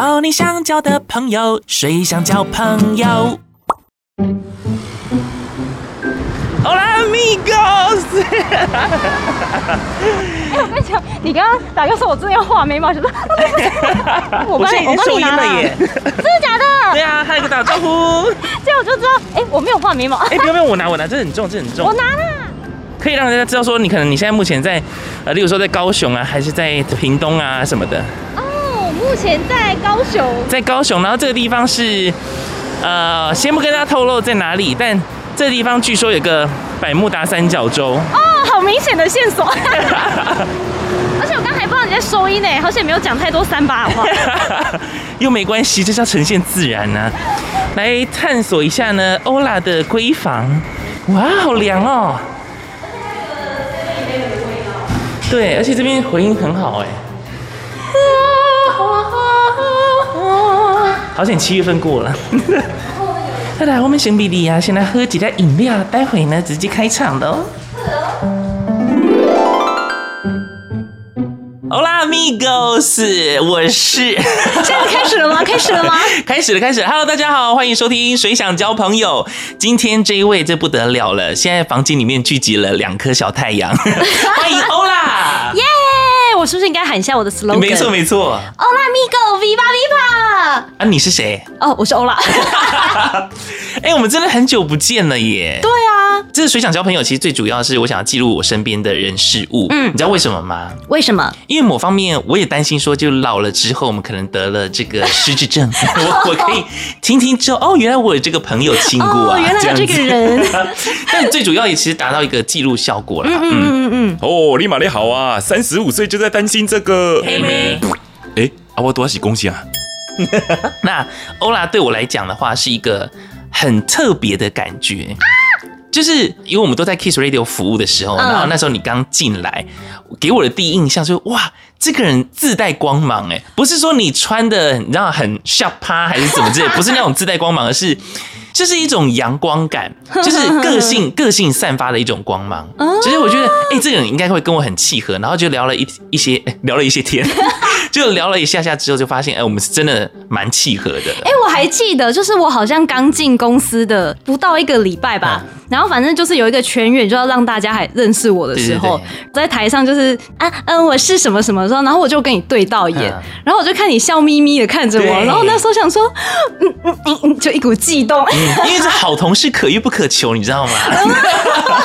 找你想交的朋友，誰想交朋友 l e me go！哎，我跟你講，你剛剛打電話說，我真的要畫眉毛什麼。我幫 你，我幫你拿耶！真 的假的？對啊，還有一個打招呼。這樣我就知道，哎、欸，我沒有畫眉毛。哎、 欸，不用不用，我拿我拿，真的很重，真的很重。我拿了。可以讓人家知道說，你可能你現在目前在呃，例如說在高雄啊，還是在屏東啊什麼的。目前在高雄，在高雄，然後這個地方是，呃，先不跟大家透露在哪裡，但這個地方據說有個百慕達三角洲哦，好明顯的線索。 而且我剛才不知道你在收音呢，好像也沒有講太多三八的話， 又沒關係，這叫呈現自然呢、啊。來探索一下呢，歐拉的閨房，哇，好涼哦。對，而且這邊回音很好哎。好險七月份過了。來， 我們先比理啊，先來喝幾杯飲料，待會呢直接開場的哦、喔。Hola，歐啦 m i g o s 我是。現在開始了嗎？開始了嗎？ 開始了，開始了。Hello，大家好，歡迎收聽《誰想交朋友》。今天這一位，這不得了了，現在房間裡面聚集了兩顆小太陽。 歡迎歐啦我是不是應該喊一下我的 slogan？沒錯沒錯，Ola Migo Viva Viva 啊！你是誰？哦、oh,，我是 Ola 。哎、 欸，我們真的很久不見了耶！對啊。這個水想交朋友？其實最主要是我想要記錄我身邊的人事物。嗯，你知道為什麼嗎？為什麼？因為某方面，我也擔心說，就老了之後，我們可能得了這個失智症。 我我可以聽聽之後，哦，原來我有這個朋友親過啊，哦、原來這個人。這樣子 但最主要也其實達到一個記錄效果了。嗯嗯嗯，嗯，嗯哦，立瑪麗好啊，三十五歲就在擔心這個。哎、hey，阿波多西恭喜啊！ 那歐拉對我來講的話，是一個很特別的感覺。就是因為我們都在 Kiss Radio 服務的時候，然後那時候你剛進來，給我的第一印象就是哇，這個人自帶光芒誒，不是說你穿的你知道很 sharp 啊還是怎麼着，不是那種自帶光芒，而是就是一種陽光感，就是個性個性散發的一種光芒。其實我覺得，欸，這個人應該會跟我很契合，然後就聊了一一些聊了一些天。 就聊了一下下之後，就發現哎、欸，我們是真的蠻契合的。哎、欸，我還記得，就是我好像剛進公司的不到一個禮拜吧、嗯，然後反正就是有一個全員就要讓大家還認識我的時候，對對對，在台上就是啊，嗯、啊，我是什麼什麼時候，然後我就跟你對到一眼、嗯，然後我就看你笑眯眯的看着我，然後那時候想說，嗯嗯嗯嗯，就一股悸動、嗯，因為這好同事可遇不可求， 你知道嗎？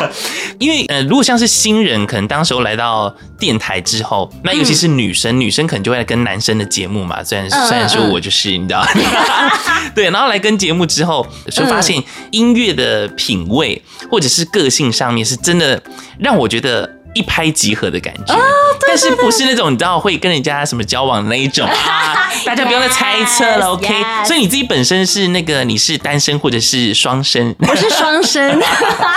因為呃，如果像是新人，可能當時候來到電台之後，那、嗯、尤其是女生，女生可能就會。跟男生的節目嘛，雖然雖然說，我就是、嗯嗯、你知道， 對，然後來跟節目之後，就發現音樂的品味、嗯、或者是個性上面，是真的讓我覺得。一拍即合的感覺，oh, 對對對，但是不是那種你知道會跟人家什麼交往那一種、 啊、大家不要再猜測了 yes，OK？Yes. 所以你自己本身是那個你是單身或者是雙身？我、oh, 是雙身，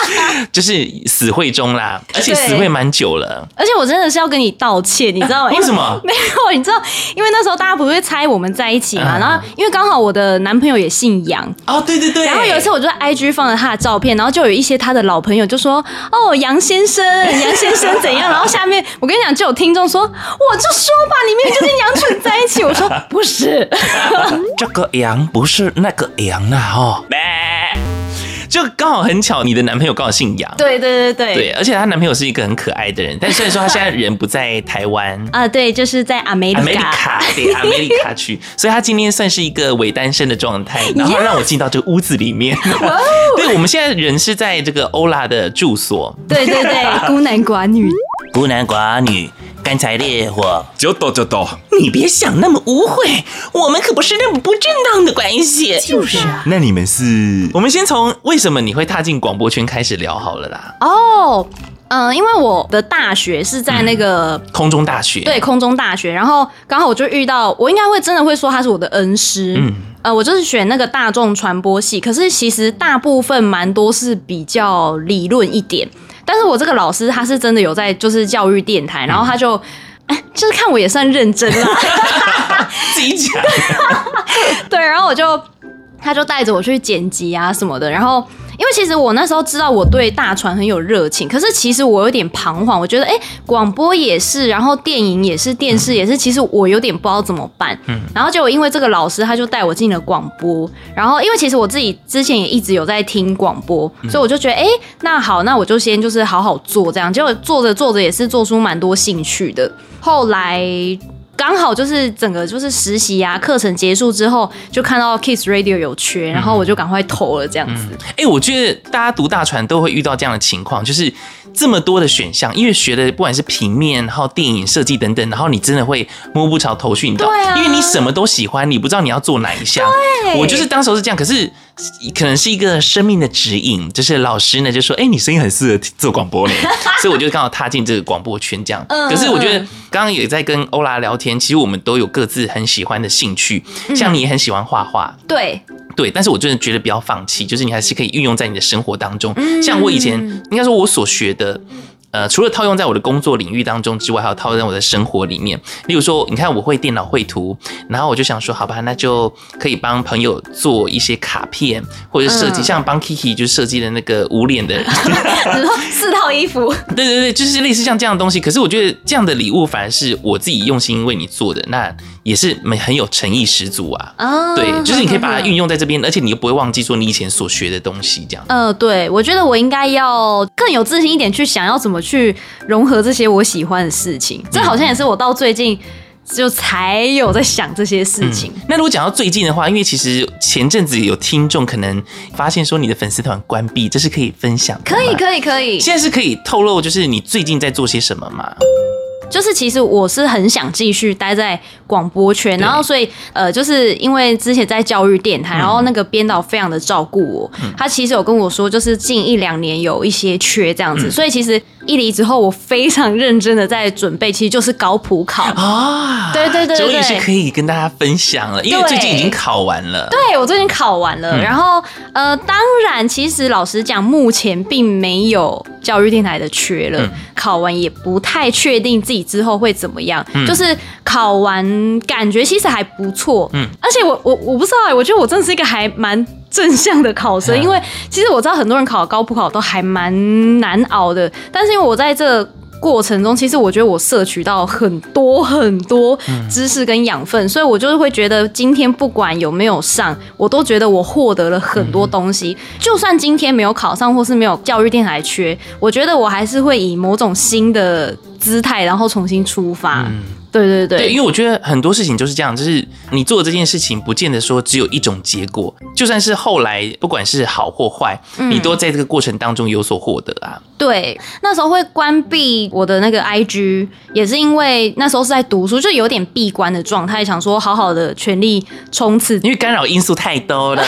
就是死會中啦， 而且死會蠻久了。而且我真的是要跟你道歉，你知道嗎、啊？為什麼、欸？沒有，你知道，因為那時候大家不會猜我們在一起嘛，嗯、然後因為剛好我的男朋友也姓楊啊，oh, 對對對。然後有一次我就在 IG 放了他的照片，然後就有一些他的老朋友就說：“哦，楊先生，楊先生。 ”能怎樣？然後下面我跟你講，就有聽眾說，我就說吧，裡面就是羊群在一起。 我說不是， 這個羊不是那個羊啊吼，哦。就剛好很巧，你的男朋友剛好姓楊。對對對對，對，而且她男朋友是一個很可愛的人。但雖然說她現在人不在台灣啊 呃，對，就是在阿美，阿美利卡，對，阿美利卡去，所以她今天算是一個偽單身的狀態。然後讓我進到這個屋子裡面。Yeah! 對，我們現在人是在這個歐拉的住所。對對對，孤男寡女。 孤男寡女。乾柴烈火，就多就多。你別想那麼污穢，我們可不是那麼不正當的關係。就是啊，那你們是？我們先從為什麼你會踏進廣播圈開始聊好了啦。哦，嗯、呃，因為我的大學是在那個、嗯、空中大學，對，空中大學。然後剛好我就遇到，我應該會真的會說他是我的恩師。嗯，呃，我就是選那個大眾傳播系，可是其實大部分蠻多是比較理論一點。但是我這個老師他是真的有在就是教育電台，然後他就哎、嗯欸，就是看我也算認真啦，自己講，對，然後我就他就帶着我去剪輯啊什麼的，然後。因為其實我那時候知道我對大傳很有熱情，可是其實我有點彷徨，我覺得哎，廣播也是，然後電影也是，電視也是，其實我有點不知道怎麼辦。嗯，然後結果因為這個老師他就帶我進了廣播，然後因為其實我自己之前也一直有在聽廣播，所以我就覺得哎，那好，那我就先就是好好做這樣，結果做着做着也是做出蠻多興趣的，後來。剛好就是整個就是實習呀、啊，課程結束之後就看到 Kiss Radio 有缺、嗯，然後我就趕快投了這樣子。哎、嗯欸，我覺得大家讀大傳都會遇到這樣的情況，就是這麼多的選項，因為學的不管是平面、然後電影設計等等，然後你真的會摸不着頭緒，對、啊，因為你什麼都喜歡，你不知道你要做哪一項。我就是當時是這樣，可是。可能是一個生命的指引，就是老師呢就說，哎、欸，你聲音很適合做廣播呢， 所以我就剛好踏進這個廣播圈這樣、嗯。可是我覺得剛剛也在跟歐拉聊天，其實我們都有各自很喜歡的興趣，像你也很喜歡畫畫、嗯，對，對，但是我真的覺得不要放棄，就是你還是可以運用在你的生活當中。像我以前應該說，我所學的。呃，除了套用在我的工作領域當中之外，還有套用在我的生活裡面。例如說，你看我會電腦繪圖，然後我就想說，好吧，那就可以幫朋友做一些卡片或者設計、嗯，像幫 Kiki 就設計的那個無臉的，哈哈哈四套衣服。對對對，就是類似像這樣的東西。可是我覺得這樣的禮物反而是我自己用心為你做的，那也是很很有誠意十足啊。啊、哦，對，就是你可以把它運用在這邊、哦，而且你又不會忘記說你以前所學的東西這樣。呃，對，我覺得我應該要更有自信一點去想要怎麼。去融合這些我喜歡的事情，這好像也是我到最近就才有在想這些事情。嗯，那如果講到最近的話，因為其實前陣子有聽眾可能發現說你的粉絲團關閉，這是可以分享的，可以可以可以。現在是可以透露，就是你最近在做些什麼嗎？就是其實我是很想繼續待在廣播圈，然後所以呃，就是因為之前在教育電台，嗯、然後那個編導非常的照顧我、嗯，他其實有跟我說，就是近一兩年有一些缺這樣子，嗯、所以其實一離之後，我非常認真的在準備，其實就是高普考啊、哦，對對對對,對,對，終於是可以跟大家分享了，因為我最近已經考完了，對,對我最近考完了，嗯、然後呃，當然其實老實講，目前並沒有教育電台的缺了，嗯、考完也不太確定自己。之後會怎麼樣、嗯？就是考完感覺其實還不錯，嗯，而且我我我不知道哎、欸，我覺得我真的是一個還蠻正向的考生、嗯，因為其實我知道很多人考高普考都還蠻難熬的，但是因為我在這過程中，其實我覺得我攝取到很多很多知識跟養分、嗯，所以我就是會覺得今天不管有沒有上，我都覺得我獲得了很多東西、嗯，就算今天沒有考上或是沒有教育電台缺，我覺得我還是會以某種新的。姿態，然後重新出發。嗯、對對對，對，因為我覺得很多事情就是這樣，就是你做的這件事情，不見得說只有一種結果。就算是後來，不管是好或壞、嗯，你都在這個過程當中有所獲得啊。對，那時候會關閉我的那個 IG，也是因為那時候是在讀書，就有點閉關的狀態，想說好好的全力衝刺，因為干擾因素太多了，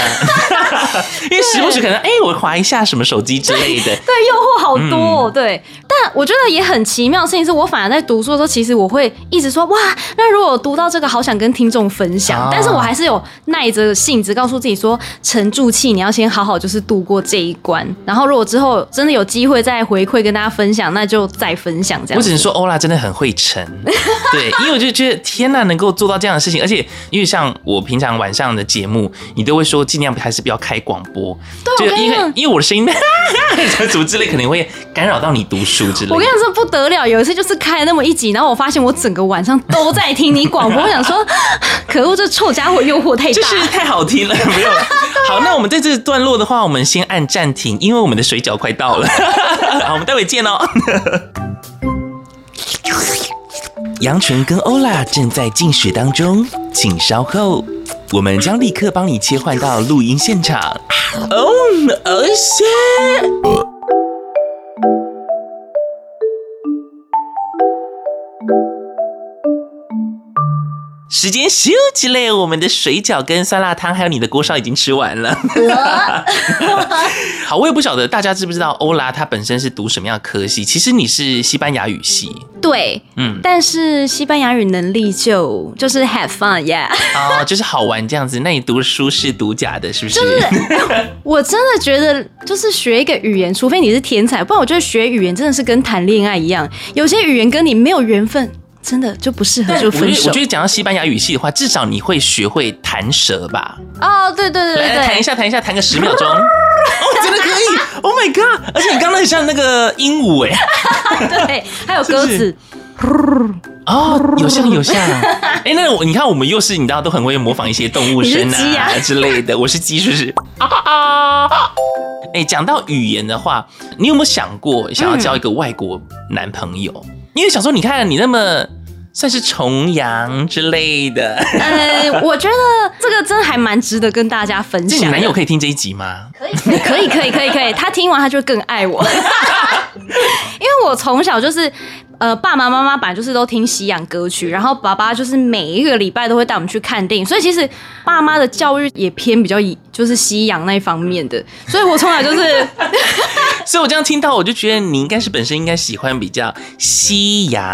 因為時不時可能哎、欸，我滑一下什麼手機之類的，對，誘惑好多、喔嗯，對，但我覺得也很奇妙的事情是，我反而在讀書的時候，其實我會一直說哇，那如果讀到這個，好想跟聽眾分享、啊，但是我還是有耐着性子告訴自己說，沉住氣，你要先好好就是度過這一關，然後如果之後真的有機會再。再回饋跟大家分享，那就再分享。這樣，我只能說歐拉真的很會沉。 對，因為我就覺得天哪，能夠做到這樣的事情，而且因為像我平常晚上的節目，你都會說盡量還是不要開廣播，對，因為我因為我的聲音 什麼之類，可能會干擾到你讀書之類。我跟你說不得了，有一次就是開了那麼一集，然後我發現我整個晚上都在聽你廣播， 我想說可惡這臭傢伙誘惑太大了，就是太好聽了。沒有、 對啊，好，那我們在這段落的話，我們先按暫停，因為我們的水餃快到了。 好，好，我們待會見哦。楊 純跟歐啦正在進食當中，請稍後，我們將立刻幫你切換到錄音現場。哦，哦且。時間休息了，我們的水餃跟酸辣湯還有你的鍋燒已經吃完了。 好，我也不曉得大家知不知道歐啦她本身是讀什麼樣的科系，其實你是西班牙語系。對，嗯，但是西班牙語能力就就是 have fun yeah。哦，就是好玩這樣子。那你讀書是讀假的，是不是？不，就是，我真的覺得就是學一個語言，除非你是天才，不然我覺得學語言真的是跟談戀愛一樣，有些語言跟你沒有緣分。真的就不適合就分手，我覺，我覺得講到西班牙語系的話，至少你會學會彈舌吧。哦、oh，對對對，來，來彈一下，彈一下，彈個十秒鐘。哦、 oh，真的可以。Oh my god！而且你剛剛很像那個鸚鵡哎。 對，還有鴿子。哦、 oh，有像有像。哎、 欸，那我、個、你看我們又是你知道都很會模仿一些動物聲啊，啊之類的。我是雞，是不是？ 啊。哎、啊，講、啊欸、到語言的話，你有沒有想過想要交一個外國男朋友？嗯、因為想說，你看你那麼。算是重陽之類的，欸。嗯，我覺得這個真的還蠻值得跟大家分享。你男友可以聽這一集嗎？可以，可以，可以，可以，可以。他聽完他就更愛我 因為我從小就是。呃，爸爸媽媽本來就是都聽西洋歌曲，然後爸爸就是每一個禮拜都會帶我們去看電影，所以其實爸媽的教育也偏比較以就是西洋那一方面的，所以我從來就是 ， 所以我這樣聽到我就覺得你應該是本身應該喜歡比較西洋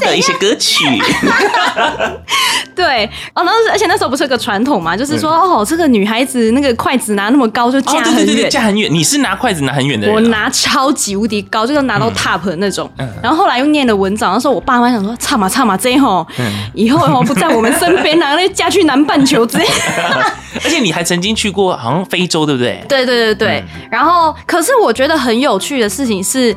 的一些歌曲 怎樣， 對哦，那而且那時候不是有個傳統嘛，就是說、嗯、哦，這個女孩子那個筷子拿那麼高就架很遠、哦，架很遠，你是拿筷子拿很遠的人、啊，我拿超級無敵高，這、就、個、是、拿到 top 的那種，然、嗯、後。嗯。後來又念了文章，那時候：“我爸媽想說，差嘛差嘛，這樣吼、嗯，以後吼不在我們身邊，哪 那嫁去南半球之類。 ”而且你還曾經去過好像非洲，對不對？對對對對、嗯。然後，可是我覺得很有趣的事情是。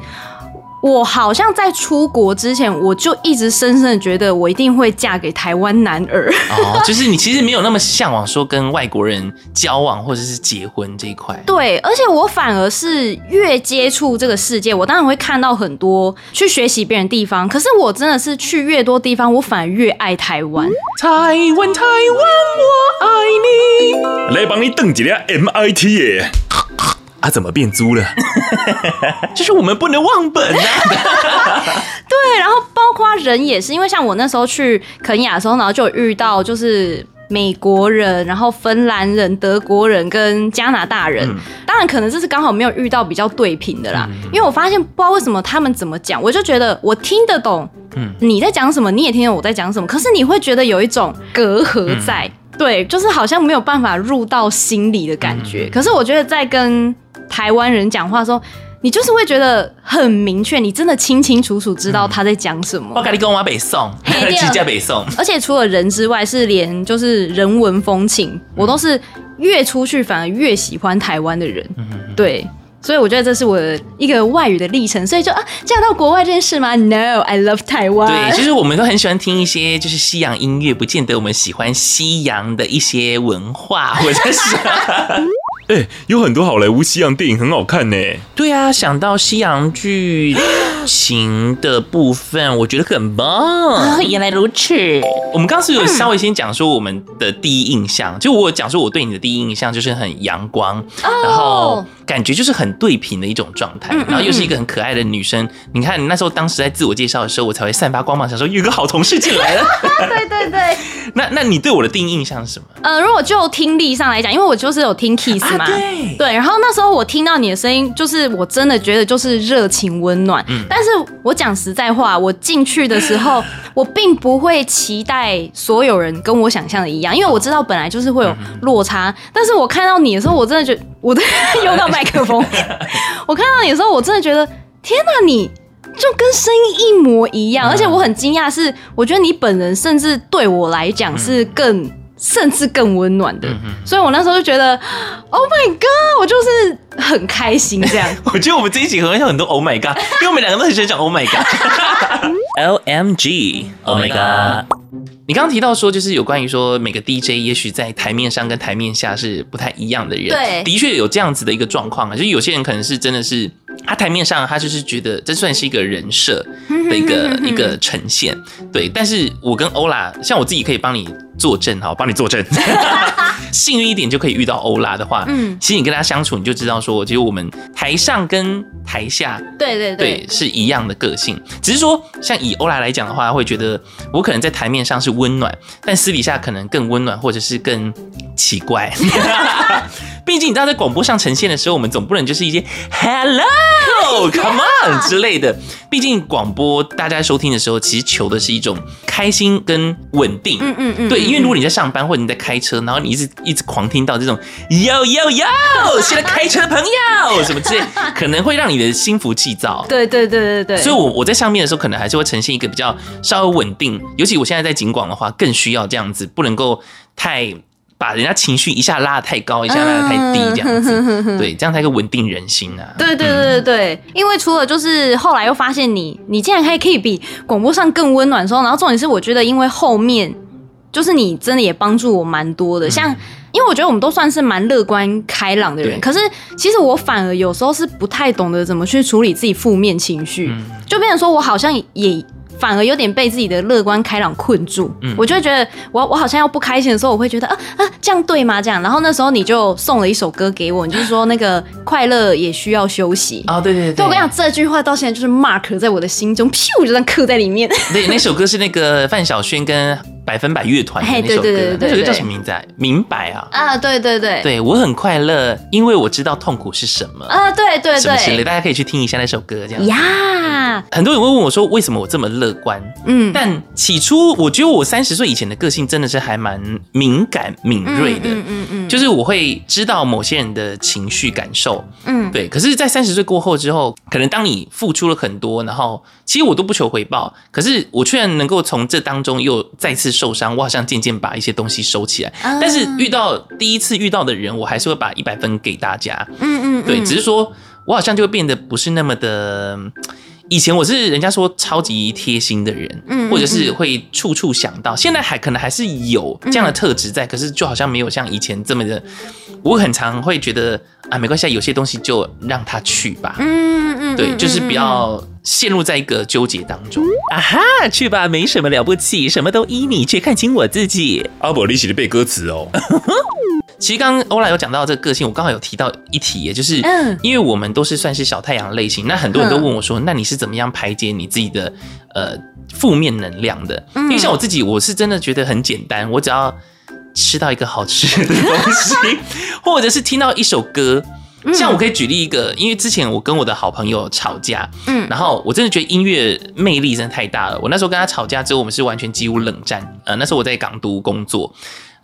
我好像在出國之前，我就一直深深的覺得我一定會嫁給台灣男兒。哦，就是你其實沒有那麼嚮往說跟外國人交往或者是結婚這一塊。對，而且我反而是越接觸這個世界，我當然會看到很多去學習別人的地方。可是我真的是去越多地方，我反而越愛台灣。台灣，台灣，我愛你。來幫你登記了 MIT 耶！他怎麼變租了？ 就是我們不能忘本吶、啊 對，然後包括人也是，因為像我那時候去肯亞的時候，然後就有遇到就是美國人，然後芬蘭人、德國人跟加拿大人、嗯。當然可能這是剛好沒有遇到比較對頻的啦、嗯。因為我發現不知道為什麼他們怎麼講，我就覺得我聽得懂，你在講什麼、嗯，你也聽得懂我在講什麼。可是你會覺得有一種隔閡在。嗯對，就是好像沒有辦法入到心裡的感覺。嗯、可是我覺得在跟台灣人講話的時候，你就是會覺得很明確，你真的清清楚楚知道他在講什麼。我跟你講，我北宋，客家北宋。而且除了人之外，是連就是人文風情，嗯、我都是越出去反而越喜歡台灣的人。嗯嗯嗯對。所以我覺得這是我一個外語的歷程，所以就啊這樣到國外這件事嗎？No，I love Taiwan。對，其、就、實、是、我們都很喜歡聽一些就是西洋音樂，不見得我們喜歡西洋的一些文化或者是。哎、 欸，有很多好萊塢西洋電影很好看呢。對啊，想到西洋劇情的部分，我覺得很棒、bon。原、哦、來如此。我們剛是有稍微先講說我們的第一印象，嗯、就我講說我對你的第一印象就是很陽光，然後。Oh. 感覺就是很對頻的一種狀態，嗯嗯，然後又是一個很可愛的女生。嗯嗯，你看，你那時候當時在自我介紹的時候，我才會散發光芒，想說有個好同事進來了。 對對對，對 那。那那你對我的第一印象是什麼？呃，如果就聽力上來講，因為我就是有聽 Kiss 嘛、啊對，對，然後那時候我聽到你的聲音，就是我真的覺得就是熱情溫暖。嗯、但是我講實在話，我進去的時候， 我並不會期待所有人跟我想象的一樣，因為我知道本來就是會有落差。嗯嗯，但是我看到你的時候，我真的覺得。嗯我都用到麥克風，我看到你的時候我真的覺得，天哪、啊，你就跟聲音一模一樣，嗯、而且我很驚訝，是我覺得你本人甚至對我來講是更、嗯，甚至更溫暖的、嗯，所以我那時候就覺得、嗯、Oh my God，我就是很開心這樣。我覺得我們這一集可能有很多 Oh my God，因為我們兩個都很喜歡講 Oh my God。 L M G，Oh my god！你剛剛提到說，就是有關於說每個 DJ 也許在台面上跟台面下是不太一樣的人，對，的確有這樣子的一個狀況啊，就有些人可能是真的是。他台面上，他就是覺得這算是一個人設的一個、嗯、哼哼哼哼一個呈現，對。但是我跟歐拉，像我自己可以幫你作證哈，幫你作證。作證 幸運一點就可以遇到歐拉的話，嗯，其實你跟他相處，你就知道說，其實我們台上跟台下，對對對，對，對，是一樣的個性。只是說，像以歐拉來講的話，會覺得我可能在台面上是溫暖，但私底下可能更溫暖，或者是更奇怪。畢 竟，你知道，在廣播上呈現的時候，我們總不能就是一些 Hello。Yo, come on 之類的，畢竟廣播大家收聽的時候，其實求的是一種開心跟穩定，嗯。嗯嗯嗯，對，因為如果你在上班或者你在開車，然後你一直一直狂聽到這種 Yo Yo Yo，現在開車的朋友什麼之類， 可能會讓你的心浮氣躁。對對對對對，對。所以，我我在上面的時候，可能還是會呈現一個比較稍微穩定，尤其我現在在景廣的話，更需要這樣子，不能夠太。把人家情緒一下拉得太高，一下拉得太低，這樣子、嗯呵呵呵，對，這樣才一個穩定人心啊。對對對對、嗯，因為除了就是後來又發現你，你竟然還可以比廣播上更溫暖的時候，然後重點是我覺得，因為後面就是你真的也幫助我蠻多的、嗯，像因為我覺得我們都算是蠻樂觀開朗的人，可是其實我反而有時候是不太懂得怎麼去處理自己負面情緒、嗯，就變成說我好像也。反而有點被自己的樂觀開朗困住，嗯，我就會覺得我我好像要不開心的時候，我會覺得啊啊，這樣對嗎？這樣，然後那時候你就送了一首歌給我，你就是說那個快樂也需要休息啊、哦，對對對，我跟你講，這句話到現在就是 mark 在我的心中，咻、哦，就這樣刻在裡面。對，那首歌是那個范曉萱跟百分百樂團的那首歌。哎對對對對對，那首歌叫什麼名字？啊？明白啊，啊，對對對，對，我很快樂，因為我知道痛苦是什麼啊，對對對，大家可以去聽一下那首歌，這樣呀，很多人會問我說，為什麼我這麼樂樂觀，嗯，但起初我覺得我三十歲以前的個性真的是還蠻敏感、敏銳的，嗯嗯，就是我會知道某些人的情緒感受，嗯，對。可是，在三十歲過後之後，可能當你付出了很多，然後其實我都不求回報，可是我居然能夠從這當中又再次受傷。我好像漸漸把一些東西收起來，但是遇到第一次遇到的人，我還是會把一百分給大家，嗯嗯，對，只是說。我好像就會變得不是那麼的，以前我是人家說超級貼心的人，嗯，或者是會處處想到，現在還可能還是有這樣的特質在，可是就好像沒有像以前這麼的，我很常會覺得啊，沒關係，有些東西就讓他去吧，嗯嗯對，就是不要陷入在一個糾結當中，啊哈，去吧，沒什麼了不起，什麼都依你，卻看清我自己。阿、啊、伯，你寫的背歌詞哦。 其實剛剛，歐拉有講到這個個性，我剛好有提到一題，也就是因為我們都是算是小太陽類型，那很多人都問我說，那你是怎麼樣排解你自己的呃負面能量的？因為像我自己，我是真的覺得很簡單，我只要吃到一個好吃的東西，或者是聽到一首歌，像我可以舉例一個，因為之前我跟我的好朋友吵架，嗯，然後我真的覺得音樂魅力真的太大了。我那時候跟他吵架之後，我們是完全幾乎冷戰。呃，那時候我在港都工作。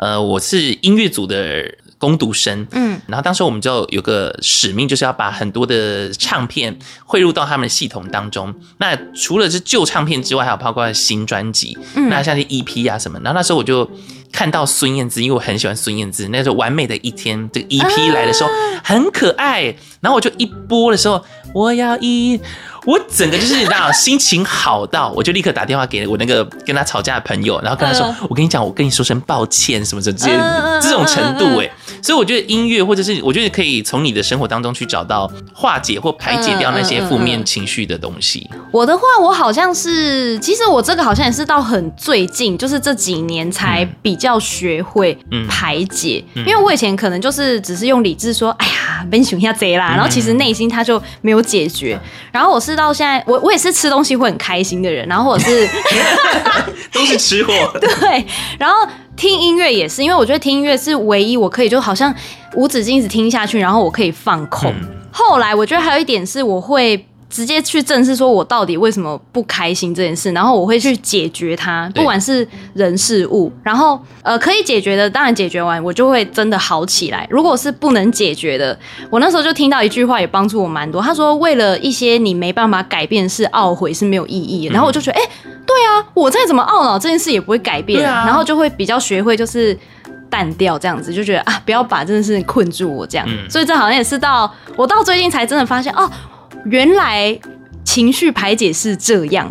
呃，我是音樂組的工讀生，嗯，然後當時我們就有個使命，就是要把很多的唱片匯入到他們的系統當中。那除了是舊唱片之外，還有包括有新專輯，嗯，那像是 EP 啊什麼。然後那時候我就看到孫燕姿，因為我很喜歡孫燕姿，那時候《完美的一天》這個 EP 來的時候很可愛，啊、然後我就一播的時候，我要一。我整個就是你知道，心情好到我就立刻打電話給我那個跟他吵架的朋友，然後跟他說：“我跟你講，我跟你說聲抱歉什麼什麼之類的，這這種程度哎。”所以我覺得音樂或者是我覺得可以從你的生活當中去找到化解或排解掉那些負面情緒的東西。我的話，我好像是其實我這個好像也是到很最近，就是這幾年才比較學會排解，因為我以前可能就是只是用理智說：“哎呀，別想要下賊啦。”然後其實內心他就沒有解決。然後我是。直到現在，我我也是吃東西會很開心的人，然後或者是都是吃貨。對，然後聽音樂也是，因為我覺得聽音樂是唯一我可以就好像無止境一直聽下去，然後我可以放空、嗯。後來我覺得還有一點是我會。直接去正視，說我到底為什麼不開心這件事，然後我會去解決它，不管是人事物。然後呃，可以解決的，當然解決完，我就會真的好起來。如果是不能解決的，我那時候就聽到一句話，也幫助我蠻多。他說，為了一些你沒辦法改變的事，懊悔是沒有意義的。然後我就覺得，哎、嗯欸，對啊，我再怎麼懊惱，這件事也不會改變、啊。然後就會比較學會就是淡掉這樣子，就覺得啊，不要把這件事困住我這樣。嗯、所以這好像也是到我到最近才真的發現哦。原來情緒排解是這樣，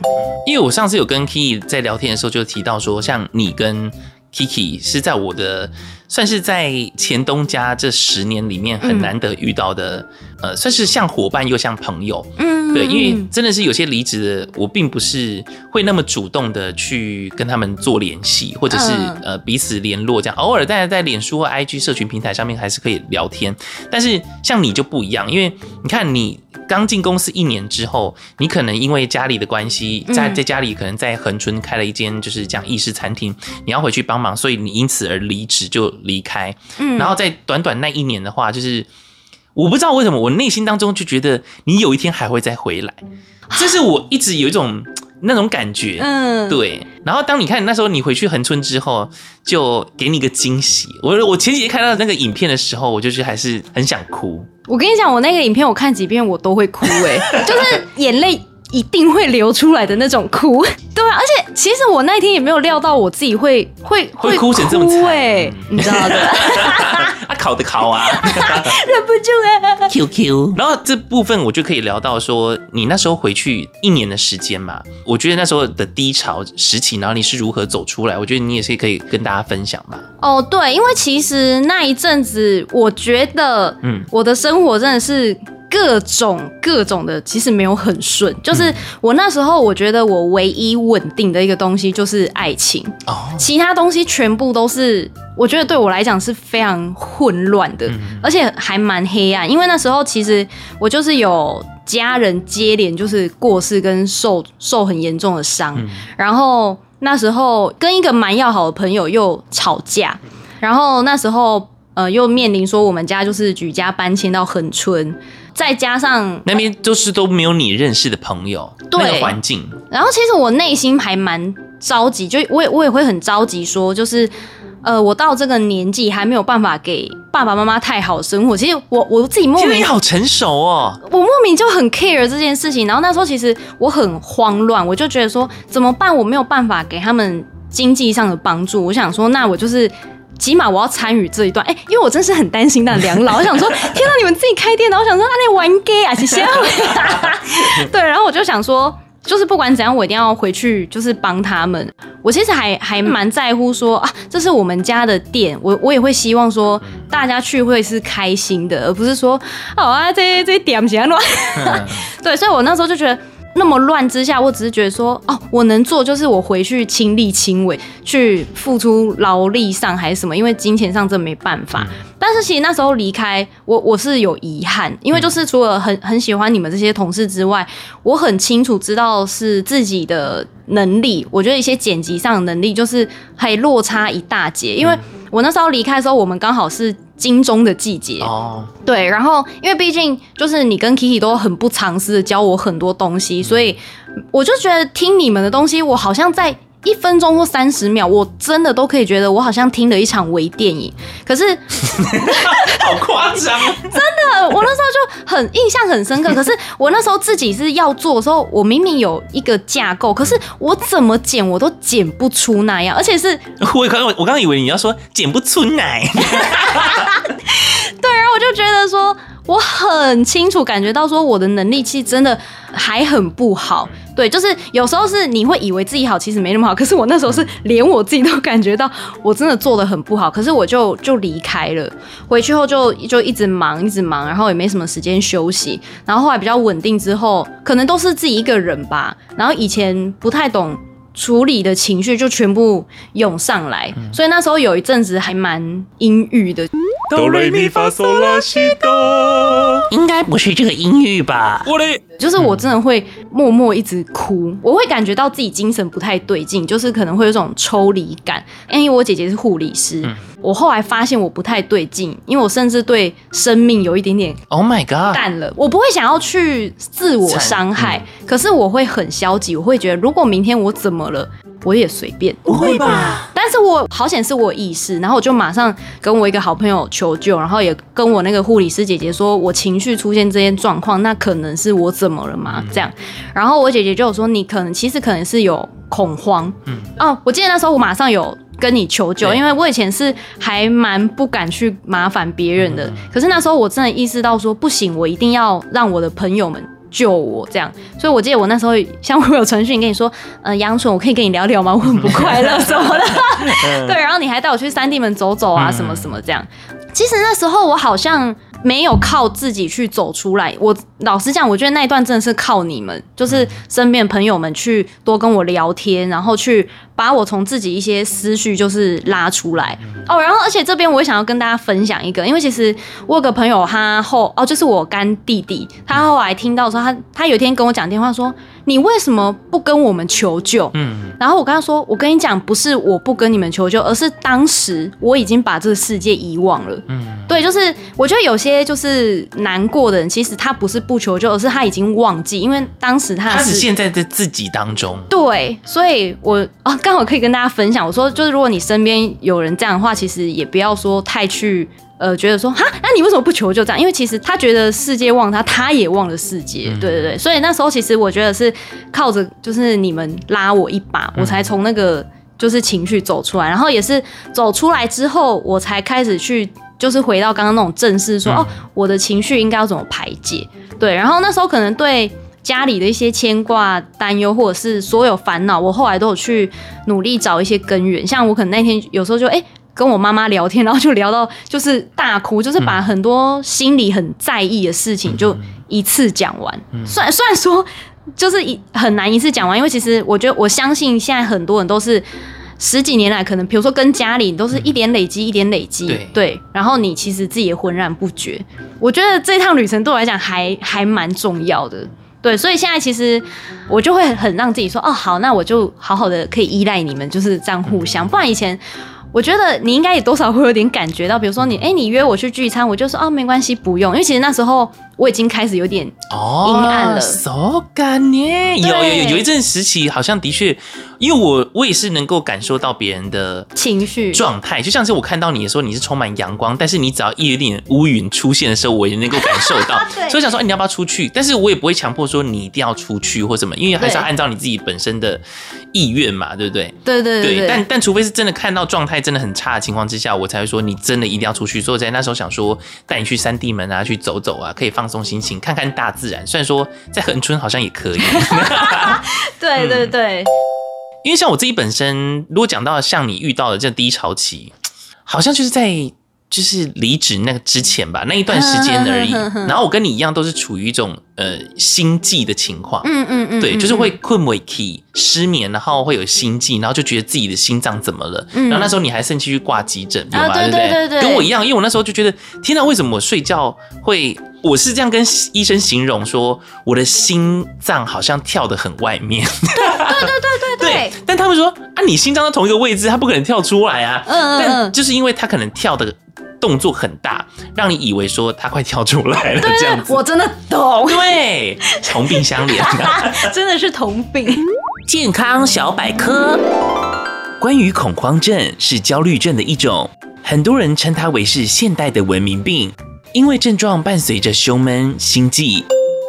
因為我上次有跟 Kiki 在聊天的時候，就提到說，像你跟 Kiki 是在我的算是在前東家這十年裡面很難得遇到的。嗯。呃，算是像夥伴又像朋友，嗯，對，因為真的是有些離職的，我並不是會那麼主動的去跟他們做聯繫，或者是呃彼此聯絡這樣，偶爾大家在臉書或 IG 社群平台上面還是可以聊天，但是像你就不一樣，因為你看你剛進公司一年之後，你可能因為家裡的關係，在在家裡可能在恆春開了一間就是這樣意式餐廳，你要回去幫忙，所以你因此而離職就離開，嗯，然後在短短那一年的話，就是。我不知道為什麼，我內心當中就覺得你有一天還會再回來，這是我一直有一種、啊、那種感覺，嗯，對。然後當你看那時候你回去恆春之後，就給你個驚喜。我我前幾天看到那個影片的時候，我就覺得還是很想哭。我跟你講，我那個影片我看幾遍我都會哭、欸，哎， 就是眼淚一定會流出來的那種哭。對、啊，而且其實我那天也沒有料到我自己會會會哭成這麼慘，哎、嗯，你知道的。 考的考啊， 忍不住啊 Q Q，然後這部分我就可以聊到說，你那時候回去一年的時間嘛。我覺得那時候的低潮時期，然後你是如何走出來？我覺得你也是可以跟大家分享嘛。哦，對，因為其實那一陣子，我覺得，嗯，我的生活真的是。各種各種的，其實沒有很順、嗯。就是我那時候，我覺得我唯一穩定的一個東西就是愛情，哦、其他東西全部都是我覺得對我來講是非常混亂的、嗯，而且還蠻黑暗。因為那時候其實我就是有家人接連就是過世跟受受很嚴重的傷、嗯，然後那時候跟一個蠻要好的朋友又吵架，然後那時候呃又面臨說我們家就是舉家搬遷到恆春。再加上那邊就是都沒有你認識的朋友，對、那個環境。然後其實我內心還蠻着急，就我也我也會很着急，說就是，呃，我到這個年紀還沒有辦法給爸爸媽媽太好生活。其實我我自己莫名，其實你好成熟哦，我莫名就很 care 這件事情。然後那時候其實我很慌亂，我就覺得說怎麼辦？我沒有辦法給他們經濟上的幫助。我想說，那我就是。起碼我要參與這一段，哎、欸，因為我真是很擔心那兩老，我 想說，天哪，你們自己開店的，我想說，你玩 gay 啊？你先回答。對，然後我就想說，就是不管怎樣，我一定要回去，就是幫他們。我其實還還蠻在乎說、嗯、啊，這是我們家的店，我我也會希望說大家聚會是開心的，而不是說，好、哦、啊，這這店不行啊。 對，所以我那時候就覺得。那麼亂之下，我只是覺得說，哦，我能做就是我回去親力親為去付出勞力上還是什麼，因為金錢上真的沒辦法。但是其實那時候離開，我我是有遺憾，因為就是除了很很喜歡你們這些同事之外，我很清楚知道是自己的能力，我覺得一些剪輯上的能力就是還落差一大截，因為。我那時候離開的時候，我們剛好是金鐘的季節。哦，對。然後，因為畢竟就是你跟 Kiki 都很不藏私的教我很多東西。嗯，所以我就覺得聽你們的東西，我好像在。一分鐘或三十秒，我真的都可以覺得我好像聽了一場微電影。可是， 好誇誇張張！ 真的，我那時候就很印象很深刻。可是我那時候自己是要做的時候，我明明有一個架構，可是我怎麼剪我都剪不出那樣，而且是……我剛我我剛剛以為你要說剪不出來 對，然後啊，我就覺得說我很清楚感覺到說我的能力其實真的還很不好。對，就是有時候是你會以為自己好，其實沒那麼好。可是我那時候是連我自己都感覺到，我真的做得很不好。可是我就就離開了，回去後就就一直忙，一直忙，然後也沒什麼時間休息。然後後來比較穩定之後，可能都是自己一個人吧。然後以前不太懂。處理的情緒就全部湧上來、嗯，所以那時候有一陣子還蠻陰鬱的。嗯、應該不是這個陰鬱吧？就是我真的會默默一直哭，嗯、我會感覺到自己精神不太對勁，就是可能會有這種抽離感。因為我姐姐是護理師。嗯我後來發現我不太對勁，因為我甚至對生命有一點點 oh my god 淡了，我不會想要去自我傷害、嗯，可是我會很消極，我會覺得如果明天我怎麼了，我也隨便，不會吧？但是我好險是我有意識，然後我就馬上跟我一個好朋友求救，然後也跟我那個護理師姐姐說，我情緒出現這些狀況，那可能是我怎麼了嘛、嗯？這樣，然後我姐姐就說你可能其實可能是有恐慌，嗯，哦，我記得那時候我馬上有。跟你求救，因為我以前是還蠻不敢去麻煩別人的，嗯嗯，可是那時候我真的意識到說不行，我一定要讓我的朋友們救我這樣。所以我記得我那時候，像我有傳訊跟你說，呃，楊純，我可以跟你聊聊嗎？我很不快樂、嗯、什麼的、嗯，對，然後你還帶我去三地門走走啊，什麼什麼這樣。其實那時候我好像沒有靠自己去走出來，我老實講，我覺得那一段真的是靠你們，就是身邊的朋友們去多跟我聊天，然後去把我從自己一些思緒就是拉出來哦。然後，而且這邊我也想要跟大家分享一個，因為其實我有個朋友他後哦，就是我乾弟弟，他後來聽到說他他有一天跟我講電話說。你為什麼不跟我們求救？嗯，然後我跟他說：“我跟你講，不是我不跟你們求救，而是當時我已經把這個世界遺忘了。”嗯，對，就是我覺得有些就是難過的人，其實他不是不求救，而是他已經忘記，因為當時他是，他是現在的自己當中。對，所以我，我、啊、哦，剛好可以跟大家分享，我說，就是如果你身邊有人這樣的話，其實也不要說太去。呃，覺得說哈，那你為什麼不求救？這樣，因為其實他覺得世界忘他，他也忘了世界。嗯、對對對，所以那時候其實我覺得是靠着就是你們拉我一把，我才從那個就是情緒走出來，嗯。然後也是走出來之後，我才開始去就是回到剛剛那種正視，說、嗯、哦，我的情緒應該要怎麼排解？對。然後那時候可能對家裡的一些牽掛、擔憂，或者是所有煩惱，我後來都有去努力找一些根源。像我可能那天有時候就哎。欸跟我媽媽聊天，然後就聊到就是大哭，就是把很多心裡很在意的事情就一次講完。嗯，嗯嗯算雖然說就是一很難一次講完，因為其實我覺得我相信現在很多人都是十幾年來可能，比如說跟家裡都是一點累積、嗯、一點累積，對。然後你其實自己也渾然不覺。我覺得這一趟旅程對我來講還還蠻重要的，對。所以現在其實我就會很讓自己說，哦好，那我就好好的可以依賴你們，就是這樣互相。嗯、不然以前。我覺得你應該也多少會有點感覺到，比如說你，欸，你約我去聚餐，我就說，哦，沒關係，不用，因為其實那時候。我已經開始有點哦陰暗了、oh，手、so、有有有，有一陣時期，好像的確，因為我我也是能夠感受到別人的情緒狀態，就像是我看到你的時候，你是充滿陽光，但是你只要一有點烏雲出現的時候，我也能夠感受到， 對，所以想說、欸、你要不要出去？但是我也不會強迫說，你一定要出去或什麼，因為還是要按照你自己本身的意願嘛，對不對？對對對、對、對，對。但但除非是真的看到狀態真的很差的情況之下，我才會說，你真的一定要出去。所以在那時候想說帶你去三地門啊，去走走啊，可以放。放鬆心情，看看大自然。雖然說在恆春好像也可以。 對對對、嗯，因為像我自己本身，如果講到像你遇到的這低潮期，好像就是在。就是離職那個之前吧，那一段時間而已呵呵呵呵呵。然後我跟你一樣，都是處於一種呃心悸的情況。嗯嗯嗯，對，就是會困不下去，失眠，然後會有心悸，然後就覺得自己的心臟怎麼了、嗯。然後那時候你還生氣去掛急診，有、啊、嗎對、對不對、啊、對、對、對、對？跟我一樣，因為我那時候就覺得，天哪、啊，為什麼我睡覺會？我是這樣跟醫生形容說，我的心臟好像跳得很外面。 對對，對對對對對，但他們說啊，你心臟在同一個位置，它不可能跳出來啊。嗯嗯，但就是因為它可能跳的動作很大，讓你以為說它快跳出來了這樣子。我真的懂，對，同病相憐、啊， 真的是同病。健康小百科，嗯、關於恐慌症是焦慮症的一種，很多人稱它為是現代的文明病，因為症狀伴隨着胸悶、心悸。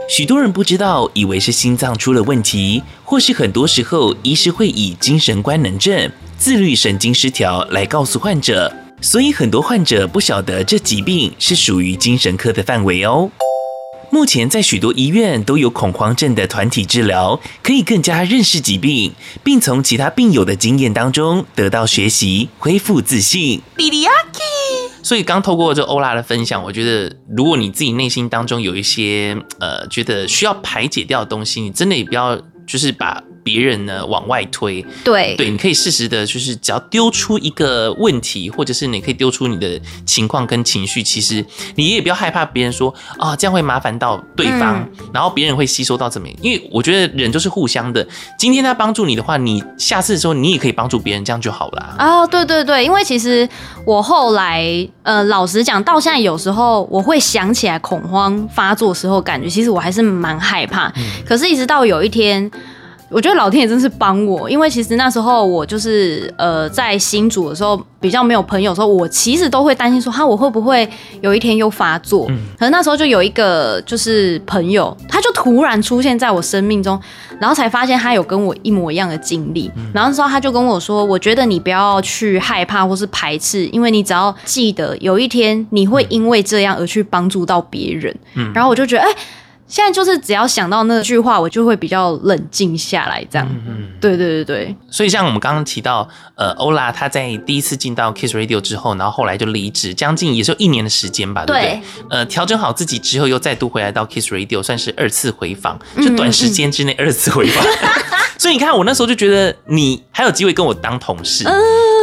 許多人不知道，以為是心臟出了問題，或是很多時候醫師會以精神官能症、自律神經失調來告訴患者，所以很多患者不曉得這疾病是屬於精神科的範圍哦。目前在許多醫院都有恐慌症的團體治療，可以更加認識疾病，並從其他病友的經驗當中得到學習，恢復自信。リリ所以剛透過這歐拉的分享，我覺得如果你自己內心當中有一些呃覺得需要排解掉的東西，你真的也不要就是把。別人呢往外推，對對，你可以適時的，就是只要丟出一個問題，或者是你可以丟出你的情況跟情緒，其實你也不要害怕別人說啊，這樣會麻煩到對方，嗯、然後別人會吸收到怎麼樣，因為我覺得人就是互相的，今天他幫助你的話，你下次的時候你也可以幫助別人，這樣就好了。啊、哦，對對對，因為其實我後來，呃，老實講，到現在有時候我會想起來恐慌發作時候感覺，其實我還是蠻害怕、嗯，可是一直到有一天。我覺得老天爺真是幫我，因為其實那時候我就是呃在新組的時候比較沒有朋友的時候，我其實都會擔心說哈，我會不會有一天又發作。嗯。可是那時候就有一個就是朋友，他就突然出現在我生命中，然後才發現他有跟我一模一樣的經歷。嗯。然後那時候他就跟我說：“我覺得你不要去害怕或是排斥，因為你只要記得有一天你會因為這樣而去幫助到別人。”嗯。然後我就覺得哎。欸現在就是只要想到那句話，我就會比較冷靜下來。這樣。嗯嗯，對對對對。所以像我們剛剛提到，呃，歐啦她在第一次進到 Kiss Radio 之後，然後後來就離職，將近也是一年的時間吧，對，對不對？呃，調整好自己之後，又再度回來到 Kiss Radio，算是二次回訪，就短時間之內二次回訪。嗯嗯 所以你看，我那時候就覺得你還有機會跟我當同事，嗯、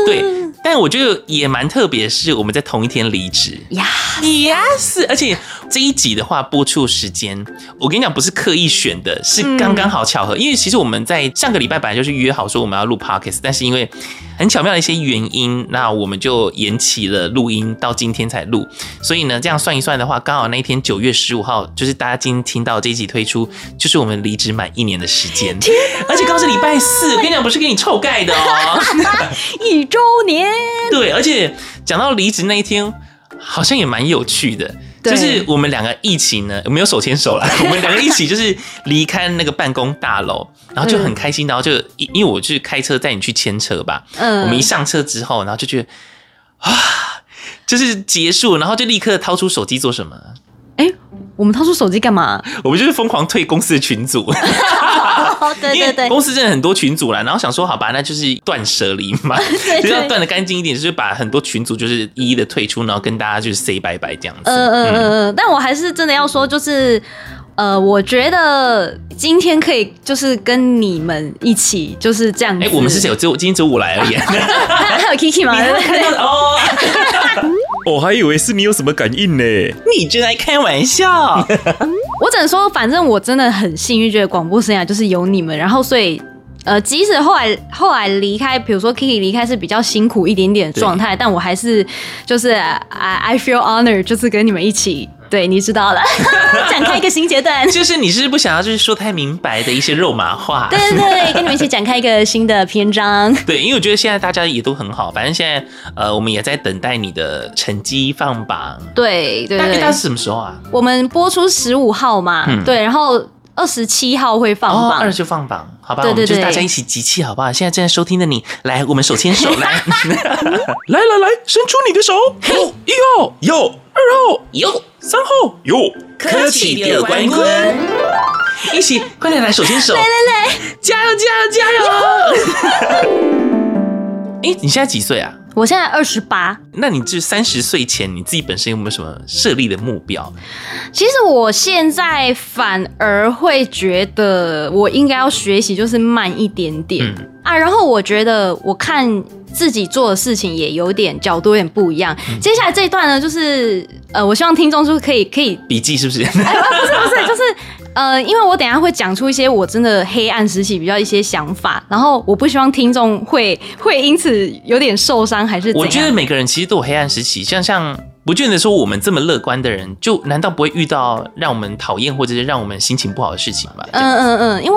對。但我就也蠻特別，是我們在同一天離職。Yeah. Yes，而且。這一集的話播出時間，我跟你講不是刻意選的，是剛剛好巧合、嗯。因為其實我們在上個禮拜本來就是約好說我們要錄 Podcast，但是因為很巧妙的一些原因，那我們就延期了錄音，到今天才錄。所以呢，這樣算一算的話，剛好那一天九月十五號，就是大家今天聽到這一集推出，就是我們離職滿一年的時間、啊。而且剛好是禮拜四，我跟你講不是給你臭蓋的哦， 一周年。對，而且講到離職那一天，好像也蠻有趣的。就是我們兩個一起呢，沒有手牽手啦。 我們兩個一起就是離開那個辦公大樓，然後就很開心。然後就因、嗯、因為我就是開車帶你去牽車吧。嗯，我們一上車之後，然後就覺得啊，就是結束，然後就立刻掏出手機做什麼？哎、欸，我們掏出手機幹嘛？我們就是瘋狂退公司的群組。對對對，公司真的很多群組啦。然後想說，好吧，那就是斷捨離嘛， 對對對，就是要斷的乾淨一點，就是把很多群組就是一一的退出，然後跟大家就是 say 拜拜這樣子。呃、嗯嗯嗯嗯，但我還是真的要說，就是呃，我覺得今天可以就是跟你們一起就是這樣。哎、欸，我們是只有今天週五來而已。 啊、他有 k k 嗎？哦。 我還以為是你有什麼感應呢、欸？你真愛開玩笑。 我只能說，反正我真的很幸運，覺得廣播生涯就是有你們。然後所以，呃，即使後來後來離開，比如說 Kiki 離開是比較辛苦一點點的狀態，但我還是就是 I I feel honor，就是跟你們一起。對，你知道了，展 開一個新階段， 就是你是不想要就是說太明白的一些肉麻話，對對對，跟你們一起展開一個新的篇章， 對，因為我覺得現在大家也都很好，反正現在呃，我們也在等待你的成績放榜，對對對，大概是什麼時候啊？我們播出十五號嘛、嗯，對，然後二十七號會放榜，哦、二十七放榜，好吧？對對對，就大家一起集氣，好不好？現在正在收聽的你，來，我們手牽手來， 來，來來來，伸出你的手，一、oh, hey. 號，有，二號，有。三號喲，客氣的觀關，一起，快點來，來，手牽手，來來來，加油加油加油！哎、 欸，你現在幾歲啊？我現在二十八。那你至三十歲前，你自己本身有沒有什麼設立的目標？其實我現在反而會覺得，我應該要學習，就是慢一點點、嗯、啊。然後我覺得，我看。自己做的事情也有點角度，有點不一樣、嗯。接下來這一段呢，就是呃，我希望聽眾就可以可以筆記是不是、？ 欸、不是？不是不是，就是呃，因為我等下會講出一些我真的黑暗時期比較一些想法，然後我不希望聽眾會會因此有點受傷，還是怎樣？我覺得每個人其實都有黑暗時期，像像。不見得說，我們這麼樂觀的人，就難道不會遇到讓我們討厭或者是讓我們心情不好的事情嗎？嗯嗯嗯，因為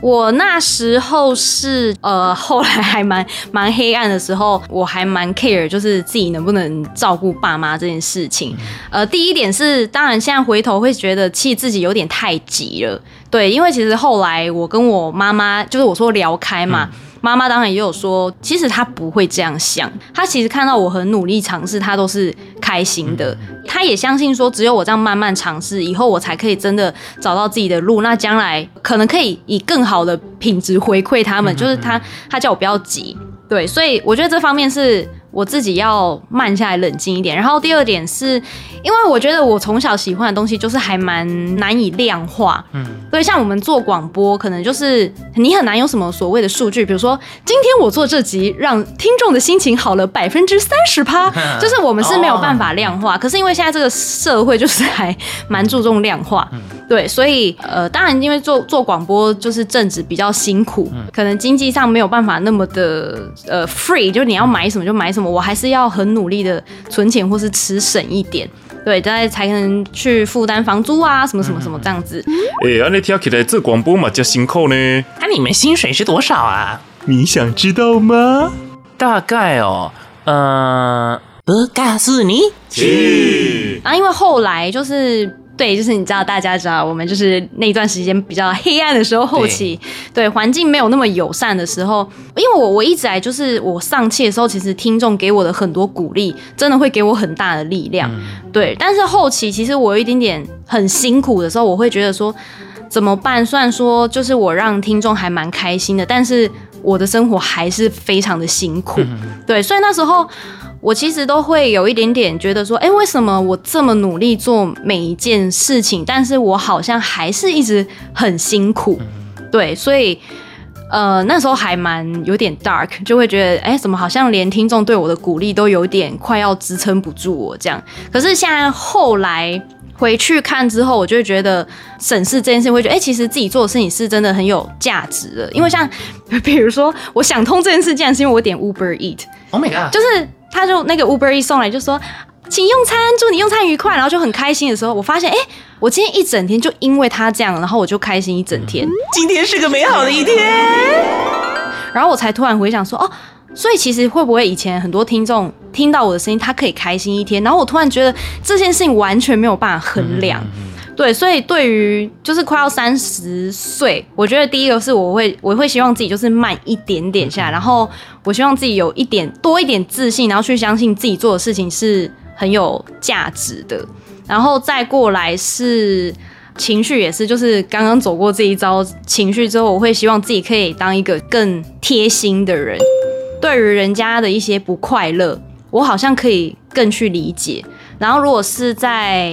我那時候是呃，後來還蠻蠻黑暗的時候，我還蠻 care，就是自己能不能照顧爸媽這件事情、嗯。呃，第一點是，當然現在回頭會覺得氣自己有點太急了，對，因為其實後來我跟我媽媽就是我說聊開嘛。嗯媽媽當然也有說，其實她不會這樣想，她其實看到我很努力嘗試，她都是開心的。她、嗯、也相信說，只有我這樣慢慢嘗試，以後我才可以真的找到自己的路，那將來可能可以以更好的品質回饋他們。就是她，她叫我不要急，對，所以我覺得這方面是我自己要慢下來，冷靜一點。然後第二點是。因為我覺得我從小喜歡的東西就是還蠻難以量化，嗯，所以像我們做廣播，可能就是你很難有什麼所謂的數據，比如說今天我做這集讓聽眾的心情好了百分之三十趴，就是我們是沒有辦法量化。可是因為現在這個社會就是還蠻注重量化，對，所以呃，當然因為做做廣播就是正職比較辛苦，可能經濟上沒有辦法那麼的呃 free，就是你要買什麼就買什麼，我還是要很努力的存錢或是吃省一點。對，大家才能去負擔房租啊，什麼什麼什麼這樣子。哎、嗯，那、欸、你聽起來這廣播嘛叫辛苦呢？那、啊、你們薪水是多少啊？你想知道嗎？大概哦，呃，不告訴你去啊，因為後來就是。對，就是你知道，大家知道，我們就是那一段時間比較黑暗的時候，後期對環境沒有那麼友善的時候，因為我我一直來，就是我喪氣的時候，其實聽眾給我的很多鼓勵，真的會給我很大的力量。嗯、對，但是後期其實我有一點點很辛苦的時候，我會覺得說怎麼辦？雖然說就是我讓聽眾還蠻開心的，但是。我的生活還是非常的辛苦、嗯，對，所以那時候我其實都會有一點點覺得說，哎，為什麼我這麼努力做每一件事情，但是我好像還是一直很辛苦，嗯、對，所以呃那時候還蠻有點 dark，就會覺得，哎，怎麼好像連聽眾對我的鼓勵都有點快要支撐不住我這樣，可是現在後來，回去看之後，我就會覺得審視這件事，會覺得哎、欸，其實自己做的事情是真的很有價值的。因為像比如說，我想通這件事，竟然是因為我點 Uber Eat、oh、就是他就那個 Uber Eat 送來，就說請用餐，祝你用餐愉快，然後就很開心的時候，我發現哎、欸，我今天一整天就因為他這樣，然後我就開心一整天，今天是個美好的一天， 然後我才突然回想說哦。所以其實會不會以前很多聽眾聽到我的聲音，他可以開心一天。然後我突然覺得這件事情完全沒有辦法衡量，嗯、對。所以對於就是快要三十歲，我覺得第一個是我會我會希望自己就是慢一點點下來，然後我希望自己有一點多一點自信，然後去相信自己做的事情是很有價值的。然後再過來是情緒也是，就是剛剛走過這一遭情緒之後，我會希望自己可以當一個更貼心的人。對於人家的一些不快樂，我好像可以更去理解。然後，如果是在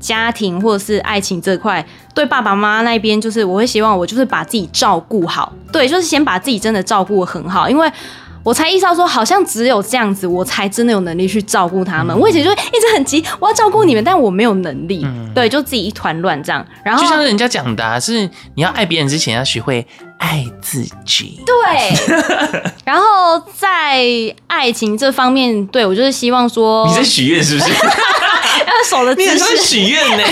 家庭或者是愛情這塊，對爸爸媽媽那邊，就是我會希望我就是把自己照顧好，對，就是先把自己真的照顧得很好，因為。我才意識到說，好像只有這樣子，我才真的有能力去照顧他們，嗯。我以前就一直很急，我要照顧你們，但我沒有能力，嗯、對，就自己一團亂。這樣，然後，就像是人家講的、啊，是你要愛別人之前，要學會愛自己。對， 然後在愛情這方面，對，我就是希望說，你在許願是不是？ 手的只是許願呢，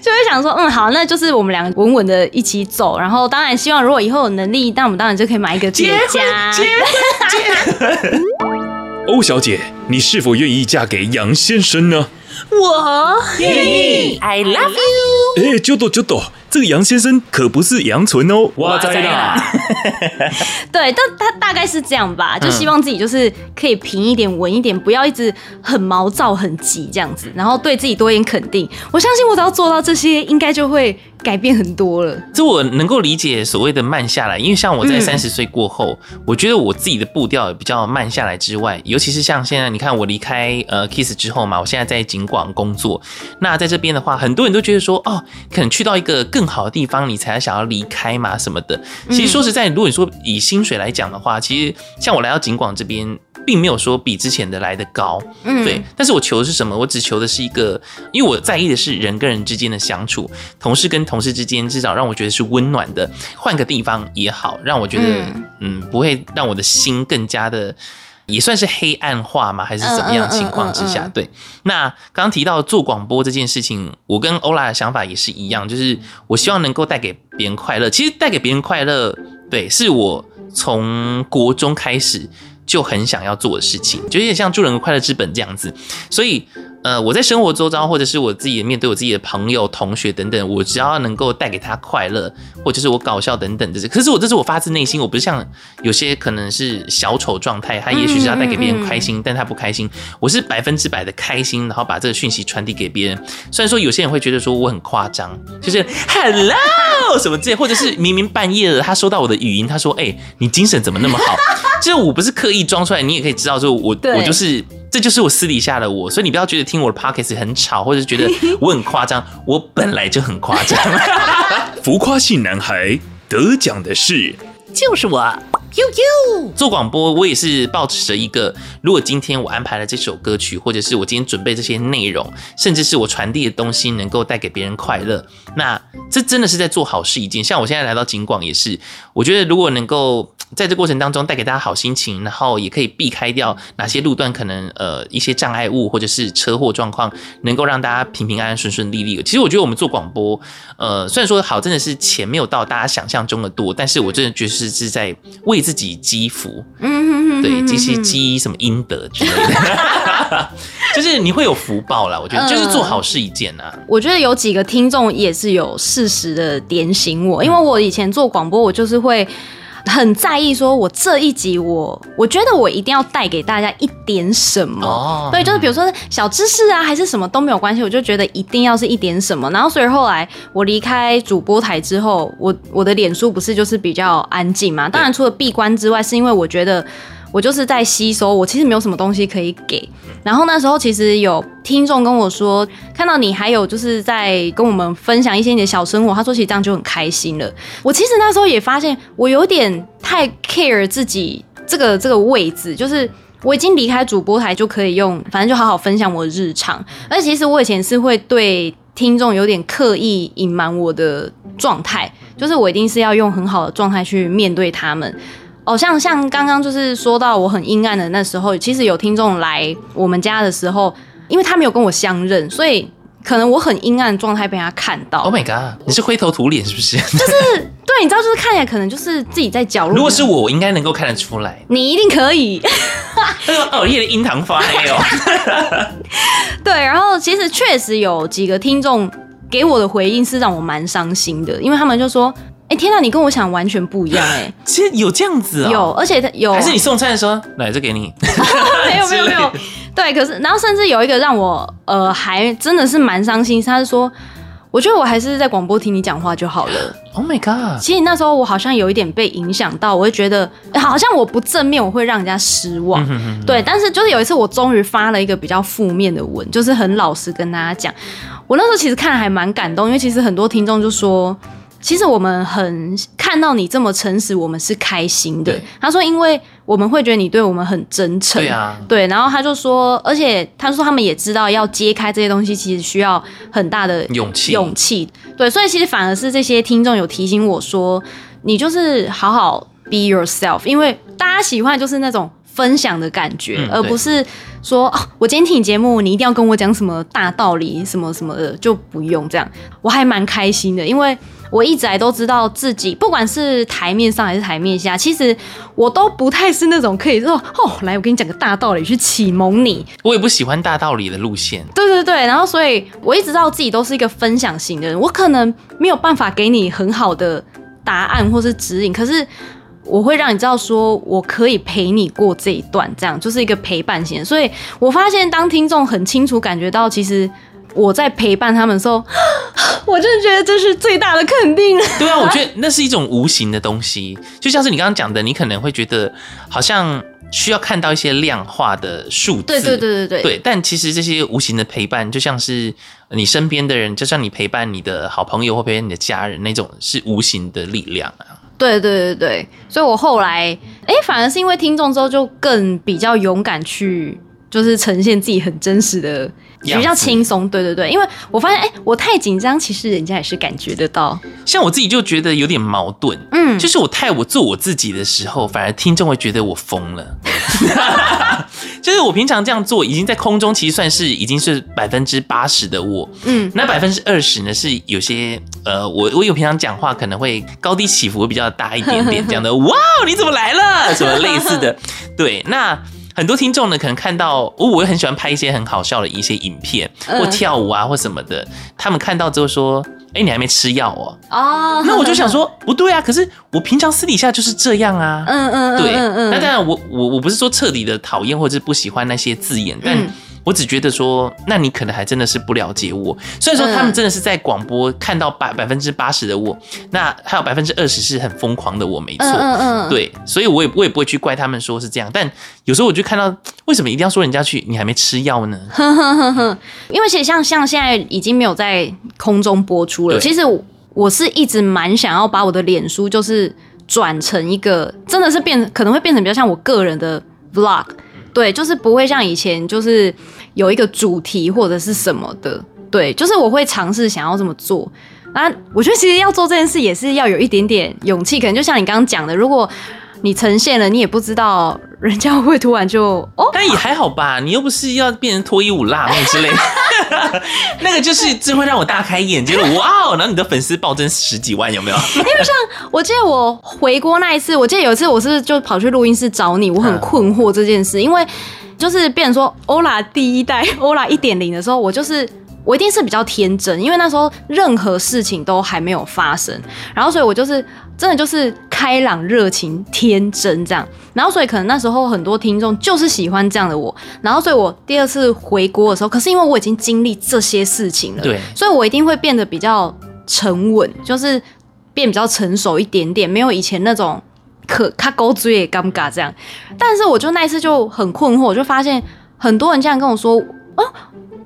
就會想說，嗯，好，那就是我們兩個穩穩的一起走，然後當然希望，如果以後有能力，那我們當然就可以買一個家結。結婚，結婚。歐 小姐，你是否願意嫁給楊先生呢？我嘿、yeah，I love you、欸。哎，就多就多，這個楊先生可不是楊純哦。哇，再 見，對，但他大概是這樣吧，就希望自己就是可以平一點、穩一點，不要一直很毛躁、很急這樣子，然後對自己多一點肯定。我相信我只要做到這些，應該就會改變很多了。這我能夠理解所謂的慢下來，因為像我在三十歲過後、嗯，我覺得我自己的步調也比較慢下來之外，尤其是像現在，你看我離開呃 Kiss 之後嘛，我現在在景廣工作，那在這邊的話，很多人都覺得說，哦，可能去到一個更好的地方，你才想要離開嘛，什麼的。其實說實在，如果你說以薪水來講的話，其實像我來到景廣這邊，並沒有說比之前的來得高，嗯，對。但是我求的是什麼？我只求的是一個，因為我在意的是人跟人之間的相處，同事跟同事之間至少讓我覺得是溫暖的。換個地方也好，讓我覺得，嗯，不會讓我的心更加的。也算是黑暗化嗎？還是怎麼樣情況之下？對，那剛剛提到做廣播這件事情，我跟歐啦的想法也是一樣，就是我希望能夠帶給別人快樂。其實帶給別人快樂，對，是我從國中開始就很想要做的事情，就有點像助人為快樂之本這樣子，所以。呃，我在生活周遭，或者是我自己面對我自己的朋友、同學等等，我只要能夠帶給他快樂，或者是我搞笑等等，這些。可是我這是我發自內心，我不是像有些可能是小丑狀態，他也許是要帶給別人開心，嗯嗯嗯，但他不開心，我是百分之百的開心，然後把這個訊息傳遞給別人。雖然說有些人會覺得說我很誇張，就是 Hello 什麼之類，或者是明明半夜了，他收到我的語音，他說，哎、欸，你精神怎麼那麼好？就是我不是刻意裝出來，你也可以知道，就我，我就是。這就是我私底下的我，所以你不要覺得聽我的 podcast 很吵，或者是覺得我很誇張，我本來就很誇張， 浮誇系男孩得獎的是，就是我。You, you. 做廣播我也是抱持着一個，如果今天我安排了這首歌曲，或者是我今天準備這些內容，甚至是我傳遞的東西能夠帶給別人快樂，那這真的是在做好事一件。像我現在來到景廣也是，我覺得如果能夠在這過程當中帶給大家好心情，然後也可以避開掉哪些路段可能呃一些障礙物或者是車禍狀況，能夠讓大家平平安安、順順利利的。其實我覺得我們做廣播，呃，雖然說好真的是錢沒有到大家想象中的多，但是我真的覺得是在為。為自己積福，嗯哼哼哼哼哼哼，對，這些積什麼陰德之類的， 就是你會有福報啦。我覺得、呃、就是做好事一件啊。我覺得有幾個聽眾也是有適時的點醒我，因為我以前做廣播，我就是會。很在意，說我這一集我，我覺得我一定要帶給大家一點什麼，oh. 對，就是比如說小知識啊，還是什麼都沒有關係，我就覺得一定要是一點什麼。然後所以後來我離開主播台之後，我我的臉書不是就是比較安靜嘛，當然除了閉關之外，是因為我覺得。我就是在吸收，我其實沒有什麼東西可以給。然後那時候其實有聽眾跟我說，看到你還有就是在跟我們分享一些你的小生活，他說，其實這樣就很開心了。我其實那時候也發現，我有點太 care 自己這個這個位置，就是我已經離開主播台就可以用，反正就好好分享我的日常。而且其實我以前是會對聽眾有點刻意隱瞞我的狀態，就是我一定是要用很好的狀態去面對他們。好、哦、像像剛剛就是說到我很陰暗的那時候，其實有聽眾來我們家的時候，因為他沒有跟我相認，所以可能我很陰暗的狀態被他看到。Oh my god，你是灰頭土臉是不是？就是對，你知道就是看起來可能就是自己在角落。如果是我，我應該能夠看得出來。你一定可以。 哦，夜的陰糖發黑哦。 對，然後其實確實有幾個聽眾給我的回應是讓我蠻傷心的，因為他們就說。哎、欸，天哪、啊！你跟我想的完全不一樣哎。 其實有這樣子啊、哦，有，而且有。還是你送菜的時候，來，這給你？ 沒有沒有沒有。對，可是然後甚至有一個讓我呃，還真的是蠻傷心。他是說：“我覺得我還是在廣播聽你講話就好了。”Oh my god！其實那時候我好像有一點被影響到，我會覺得好像我不正面，我會讓人家失望。嗯、哼哼哼對，但是就是有一次，我終於發了一個比較負面的文，就是很老實跟大家講。我那時候其實看還蠻感動，因為其實很多聽眾就說。其實我們很看到你這麼誠實，我們是開心的。對。他說，因為我們會覺得你對我們很真誠，對啊，對。然後他就說，而且他說他們也知道要揭開這些東西，其實需要很大的勇氣，勇氣。對，所以其實反而是這些聽眾有提醒我說，你就是好好 be yourself，因為大家喜歡就是那種分享的感覺，嗯、而不是說、啊、我今天聽節目，你一定要跟我講什麼大道理，什麼什麼的，就不用這樣。我還蠻開心的，因為。我一直來都知道自己，不管是台面上還是台面下，其實我都不太是那種可以說哦，來我給你講個大道理去啟蒙你。我也不喜歡大道理的路線。對對對，然後所以我一直知道自己都是一個分享型的人，我可能沒有辦法給你很好的答案或是指引，可是我會讓你知道說我可以陪你過這一段，這樣就是一個陪伴型。所以我發現當聽眾很清楚感覺到其實。我在陪伴他們的時候，我真的覺得這是最大的肯定。對啊， 我覺得那是一種無形的東西，就像是你剛剛講的，你可能會覺得好像需要看到一些量化的數字，對對，對對對對對。對，但其實這些無形的陪伴，就像是你身邊的人，就像你陪伴你的好朋友或陪伴你的家人那種，是無形的力量啊。對對對對，所以我後來，欸，反而是因為聽眾之後，就更比較勇敢去，就是呈現自己很真實的。比較輕鬆，對對對，因為我發現，誒、欸，我太緊張，其實人家也是感覺得到。像我自己就覺得有點矛盾，嗯，就是我太，我做我自己的時候，反而聽眾會覺得我瘋了。 就是我平常這樣做，已經在空中，其實算是已經是百分之八十的我，嗯，那百分之二十呢，是有些呃，我我有平常講話可能會高低起伏比較大一點點這樣的，哇，你怎麼來了？什麼類似的， 對，那。很多聽眾呢，可能看到哦，我也很喜歡拍一些很好笑的一些影片，或跳舞啊，或什麼的。嗯、他們看到之後說：“哎、欸，你還沒吃藥哦？”哦，那我就想說呵呵，不對啊。可是我平常私底下就是這樣啊。嗯嗯，嗯，嗯，嗯，嗯對，那當然我，我我我不是說徹底的討厭或者不喜歡那些字眼，但、嗯。我只覺得說，那你可能還真的是不了解我。所以說，他們真的是在廣播看到百百分之八十的我，嗯，那還有百分之二十是很瘋狂的我，沒錯。嗯嗯。對，所以我也我也不會去怪他們說是這樣。但有時候我就看到，為什麼一定要說人家去？你還沒吃藥呢？呵呵呵呵，因為其實像像現在已經沒有在空中播出了。其實我是一直蠻想要把我的臉書就是轉成一個，真的是變，可能會變成比較像我個人的 Vlog。對，就是不會像以前就是。有一個主題或者是什麼的，對，就是我會嘗試想要這麼做。那我覺得其實要做這件事也是要有一點點勇氣，可能就像你剛剛講的，如果你呈現了，你也不知道人家會不會突然就哦。但也還好吧，你又不是要變成脫衣舞辣妹之類的， 那個就是真會讓我大開眼界了，哇哦，然後你的粉絲暴增十幾萬有沒有 ？因為像我記得我回國那一次，我記得有一次我是就跑去錄音室找你，我很困惑這件事，嗯、因為。就是變人說歐 a 第一代，歐拉一點零的時候，我就是我一定是比較天真，因為那時候任何事情都還沒有發生，然後所以，我就是真的就是開朗、熱情、天真這樣，然後所以可能那時候很多聽眾就是喜歡這樣的我，然後所以我第二次回國的時候，可是因為我已經經歷這些事情了，所以我一定會變得比較沉穩，就是變比較成熟一點點，沒有以前那種。可卡狗嘴也尷尬這樣，但是我就那一次就很困惑，我就發現很多人這樣跟我說：“哦，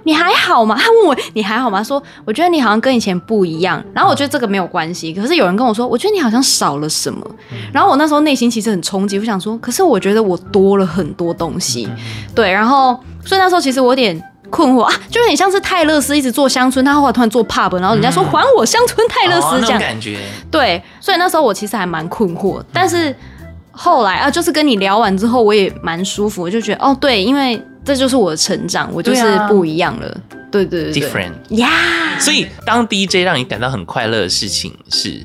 你還好嗎？”他問我：“你還好嗎？”他說：“我覺得你好像跟以前不一樣。”然後我覺得這個沒有關係。可是有人跟我說：“我覺得你好像少了什麼。”然後我那時候內心其實很衝擊，我想說：“可是我覺得我多了很多東西。”對，然後所以那時候其實我有點。困惑啊，就有點像是泰勒斯一直做鄉村，他後來突然做 pub，然後人家說還我鄉村泰勒斯、嗯、這樣、哦、感覺。對，所以那時候我其實還蠻困惑、嗯，但是後來啊，就是跟你聊完之後，我也蠻舒服，我就覺得哦，對，因為。這就是我的成長，我就是不一樣了。對、啊、對對，對，對，Different 呀、yeah!！所以當 DJ 讓你感到很快樂的事情是，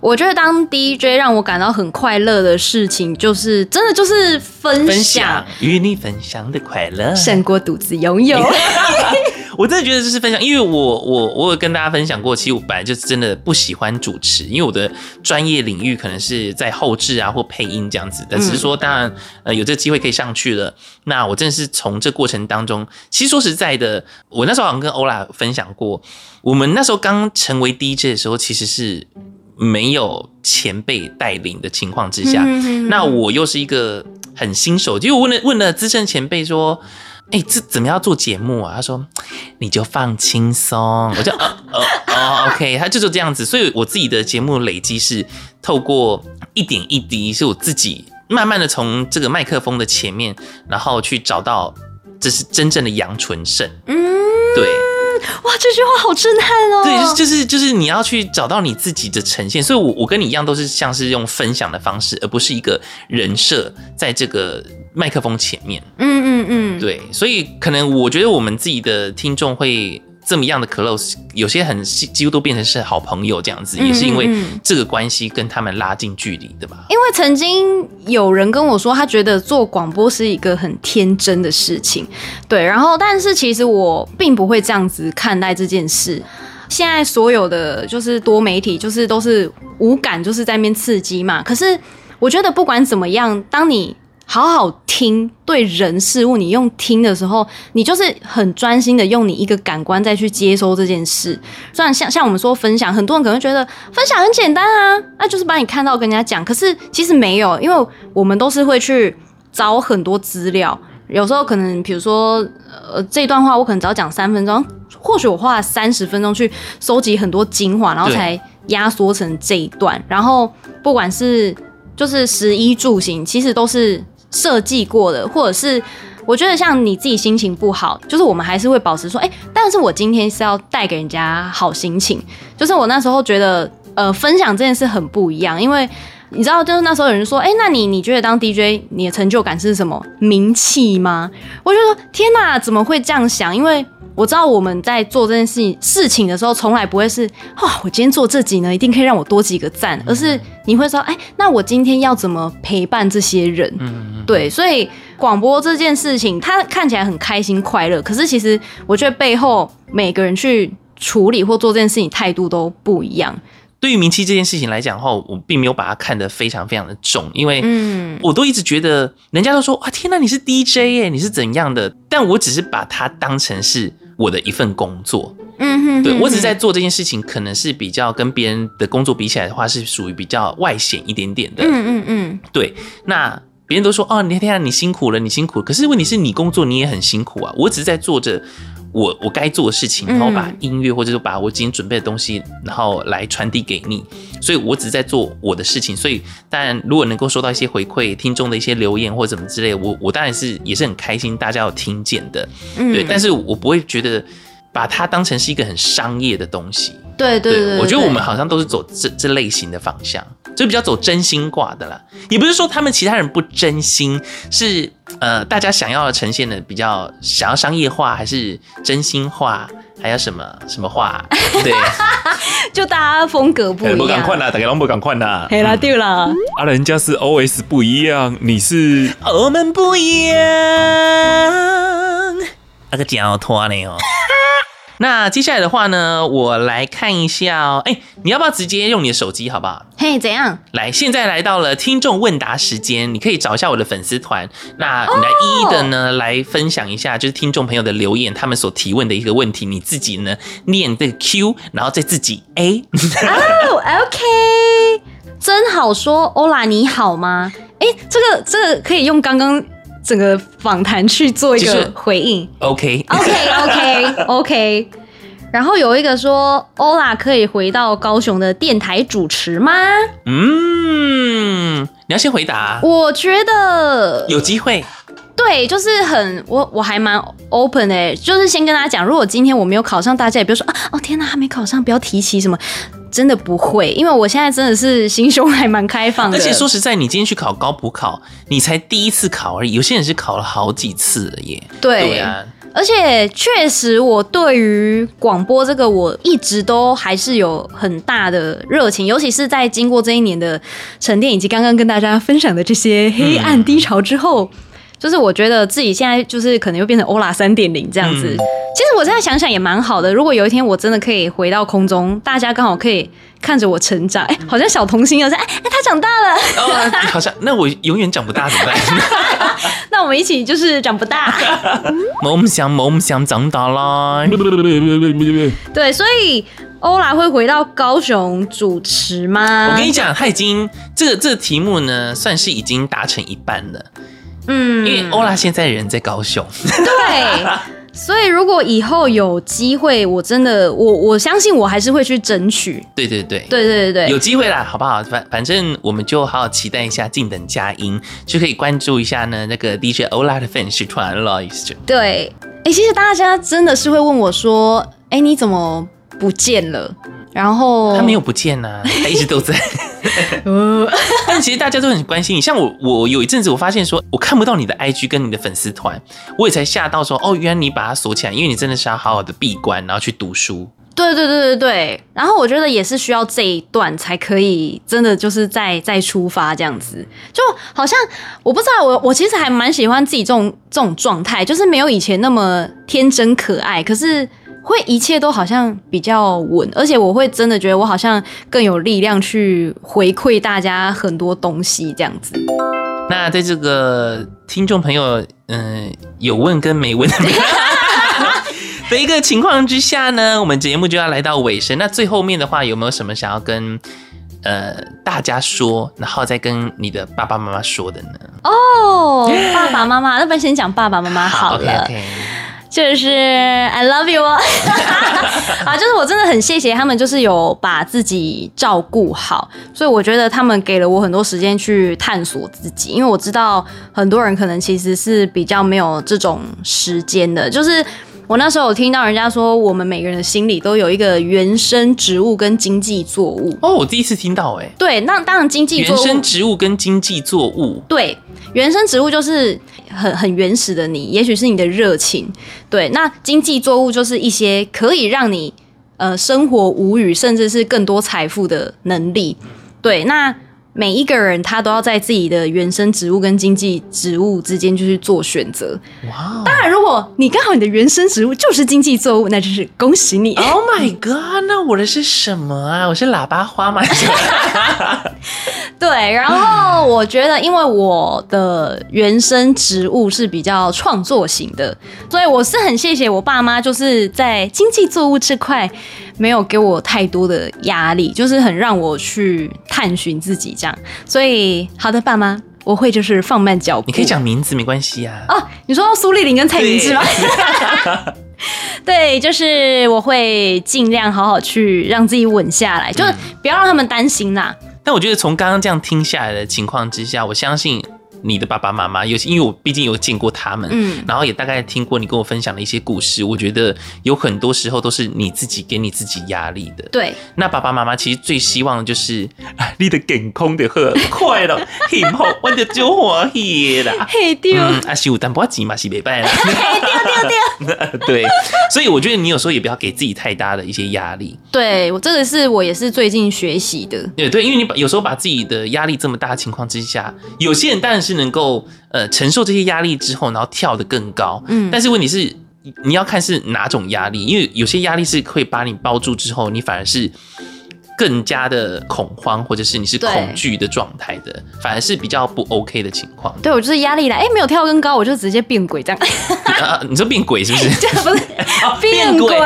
我覺得當 DJ 讓我感到很快樂的事情，就是真的就是分享，分享與你分享的快樂，勝過獨自擁有。 我真的覺得這是分享，因為我我我有跟大家分享過，其實我本來就是真的不喜歡主持，因為我的專業領域可能是在後製啊或配音這樣子的，只是說當然呃有這個機會可以上去了，那我真的是從這過程當中，其實說實在的，我那時候好像跟歐啦分享過，我們那時候剛成為 DJ 的時候，其實是沒有前輩帶領的情況之下，那我又是一個很新手，結果問了問了資深前輩說。哎、欸，這怎麼樣做節目啊？他說，你就放輕鬆，我就哦哦哦， 哦，OK，他就就這樣子。所以我自己的節目累積是透過一點一滴，是我自己慢慢的從這個麥克風的前面，然後去找到這是真正的楊純勝。嗯，對，哇，這句話好震撼哦。對，就是就是就是你要去找到你自己的呈現。所以我，我我跟你一樣，都是像是用分享的方式，而不是一個人設在這個。麥克風前面，嗯嗯嗯，對，所以可能我覺得我們自己的聽眾會這麼樣的 close，有些很幾乎都變成是好朋友這樣子，嗯嗯嗯，也是因為這個關係，跟他們拉近距離的吧。因為曾經有人跟我說，他覺得做廣播是一個很天真的事情，對。然後，但是其實我並不會這樣子看待這件事。現在所有的就是多媒體，就是都是無感，就是在那邊刺激嘛。可是我覺得不管怎麼樣，當你。好好聽，對人事物，你用聽的時候，你就是很專心的用你一個感官，再去接收這件事。雖然像像我們說分享，很多人可能會覺得分享很簡單啊，那、啊、就是把你看到跟人家講。可是其實沒有，因為我們都是會去找很多資料。有時候可能比如說，呃，這段話我可能只要講三分鐘，或許我花了三十分鐘去收集很多精華，然後才壓縮成這一段。然後不管是就是食衣住行，其實都是。設計過的，或者是我覺得像你自己心情不好，就是我們還是會保持說，哎、欸，但是我今天是要帶給人家好心情。就是我那時候覺得，呃，分享這件事很不一樣，因為。你知道，就是那時候有人說：“欸，那你你覺得當 DJ 你的成就感是什麼？名氣嗎？”我就說：“天啊，怎麼會這樣想？因為我知道我們在做這件事情事情的時候，從來不會是‘哦，我今天做這集呢，一定可以讓我多幾個讚’，而是你會說：‘欸，那我今天要怎麼陪伴這些人？’嗯嗯嗯對，所以廣播這件事情，它看起來很開心快樂，可是其實我覺得背後每個人去處理或做這件事情態度都不一樣。”對於名氣這件事情來講的話，我並沒有把它看得非常非常的重，因為嗯，我都一直覺得人家都說哇，天吶，你是 DJ 耶、欸，你是怎樣的？但我只是把它當成是我的一份工作，嗯哼、哼、哼，對，我只是在做這件事情，可能是比較跟別人的工作比起來的話，是屬於比較外顯一點點的，嗯嗯嗯，對，那別人都說哦，你天啊，你辛苦了，你辛苦了，可是問題是你工作你也很辛苦啊，我只是在做着。我我該做的事情，然後把音樂或者是把我今天準備的東西，然後來傳遞給你。所以，我只是在做我的事情。所以，當然如果能夠收到一些回饋，聽眾的一些留言或者怎麼之類的，我我當然是也是很開心，大家有聽見的。對，嗯，但是我不會覺得把它當成是一個很商業的東西。對對對，對，對，對，對，我覺得我們好像都是走這這類型的方向。所以比較走真心話的啦，也不是說他們其他人不真心，是呃大家想要呈現的比較想要商業化，還是真心話，還有什麼什麼話、啊？對， 就大家風格不一樣。欸、不敢快啦，大家攏不敢快吶。對啦，對啦、嗯。啊，人家是 OS 不一樣，你是我們不一樣。那個腳拖了喲那接下來的話呢，我來看一下哎、喔欸，你要不要直接用你的手機好不好？嘿、hey,，怎樣？來，現在來到了聽眾問答時間，你可以找一下我的粉絲團，那你來一一的呢、oh. 來分享一下，就是聽眾朋友的留言，他們所提問的一個問題，你自己呢念這個 Q，然後再自己 A。哦 、oh,，OK，真好說，歐啦，你好嗎？哎、欸，這個這個可以用剛剛。整個訪談去做一個回應，OK，OK，OK，OK。Okay、okay, okay, okay 然後有一個說，歐拉可以回到高雄的電台主持嗎？嗯，你要先回答。我覺得有機會。對，就是很我我還蠻 open 哎、欸，就是先跟大家講，如果今天我沒有考上，大家也不要說啊，哦天哪，還沒考上，不要提起什麼，真的不會，因為我現在真的是心胸還蠻開放的。而且說實在，你今天去考高普考，你才第一次考而已，有些人是考了好幾次了耶。對，對、啊，而且確實，我對於廣播這個我一直都還是有很大的熱情，尤其是在經過這一年的沉澱，以及剛剛跟大家分享的這些黑暗低潮之後。嗯就是我覺得自己現在就是可能又變成歐啦三點零這樣子。嗯、其實我現在想想也蠻好的。如果有一天我真的可以回到空中，大家剛好可以看着我成長、欸，好像小童星啊，說、欸、哎、欸、他長大了，哦、好像，那我永遠長不大怎麼辦？ 那我們一起就是長不大。夢 想夢想長大啦！ 對，所以歐啦會回到高雄主持嗎？我跟你講，他已經這個這個題目呢，算是已經達成一半了。嗯，因為歐拉現在人在高雄，對， 所以如果以後有機會，我真的，我我相信我還是會去爭取。對對對，對對對對對對有機會啦，好不好？反反正我們就好好期待一下，靜等佳音，就可以關注一下呢。那個 DJ 歐拉的粉絲團 Lost，對，哎、欸，其實大家真的是會問我說，哎、欸，你怎麼不見了？然後他沒有不見吶、啊，他一直都在。 但其實大家都很關心你，像我，我有一陣子我發現說，我看不到你的 IG 跟你的粉絲團，我也才嚇到說，哦，原來你把它鎖起來，因為你真的是要好好的閉關，然後去讀書。對對對對對，然後我覺得也是需要這一段才可以，真的就是再再出發這樣子，就好像我不知道，我我其實還蠻喜歡自己這種這種狀態，就是沒有以前那麼天真可愛，可是。會一切都好像比較穩，而且我會真的覺得我好像更有力量去回饋大家很多東西這樣子。那在這個聽眾朋友，嗯、呃，有問跟沒問的，沒 的一個情況之下呢，我們節目就要來到尾聲。那最後面的話，有沒有什麼想要跟呃大家說，然後再跟你的爸爸媽媽說的呢？哦、oh，爸爸媽媽， 那不然先講爸爸媽媽好了。Okay, okay. 就是 I love you 哦！啊，就是我真的很謝謝他們，就是有把自己照顧好，所以我覺得他們給了我很多時間去探索自己，因為我知道很多人可能其實是比較沒有這種時間的，就是。我那時候有聽到人家說，我們每個人的心裡都有一個原生植物跟經濟作物。哦，我第一次聽到哎、欸。對，那當然經濟作物，原生植物跟經濟作物。對，原生植物就是很很原始的你，也許是你的熱情。對，那經濟作物就是一些可以讓你呃生活無虞，甚至是更多財富的能力。對，那。每一個人他都要在自己的原生植物跟經濟植物之間，就去做選擇。哇、wow！當然，如果你剛好你的原生植物就是經濟作物，那就是恭喜你。Oh my god！、嗯、那我的是什麼啊？我是喇叭花嗎？ 對。然後我覺得，因為我的原生植物是比較創作型的，所以我是很謝謝我爸媽，就是在經濟作物這塊。沒有給我太多的壓力，就是很讓我去探尋自己這樣，所以好的爸媽，我會就是放慢腳步。你可以講名字沒關係啊。哦，你說到蘇麗玲跟蔡明是吧？對， 對，就是我會盡量好好去讓自己穩下來，就是不要讓他們擔心啦。啊。嗯。嗯。但我覺得從剛剛這樣聽下來的情況之下，我相信。你的爸爸媽媽，有些因為我畢竟有見過他們，嗯，然後也大概聽過你跟我分享的一些故事，我覺得有很多時候都是你自己給你自己壓力的。對，那爸爸媽媽其實最希望的就是，阿西五單不要急嘛，洗白白。丟丟丟，對，所以我覺得你有時候也不要給自己太大的一些壓力。對，我這個是我也是最近學習的對。對，因為你有時候把自己的壓力這麼大的情況之下，有些人當然是。能夠呃承受這些壓力之後，然後跳得更高。嗯，但是問題是，你要看是哪種壓力，因為有些壓力是會把你包住之後，你反而是。更加的恐慌，或者是你是恐懼的狀態的，反而是比較不 OK 的情況。對，我就是壓力來，哎、欸，沒有跳更高，我就直接變鬼這樣。 啊、你說變鬼是不是？ 不是、啊、變鬼，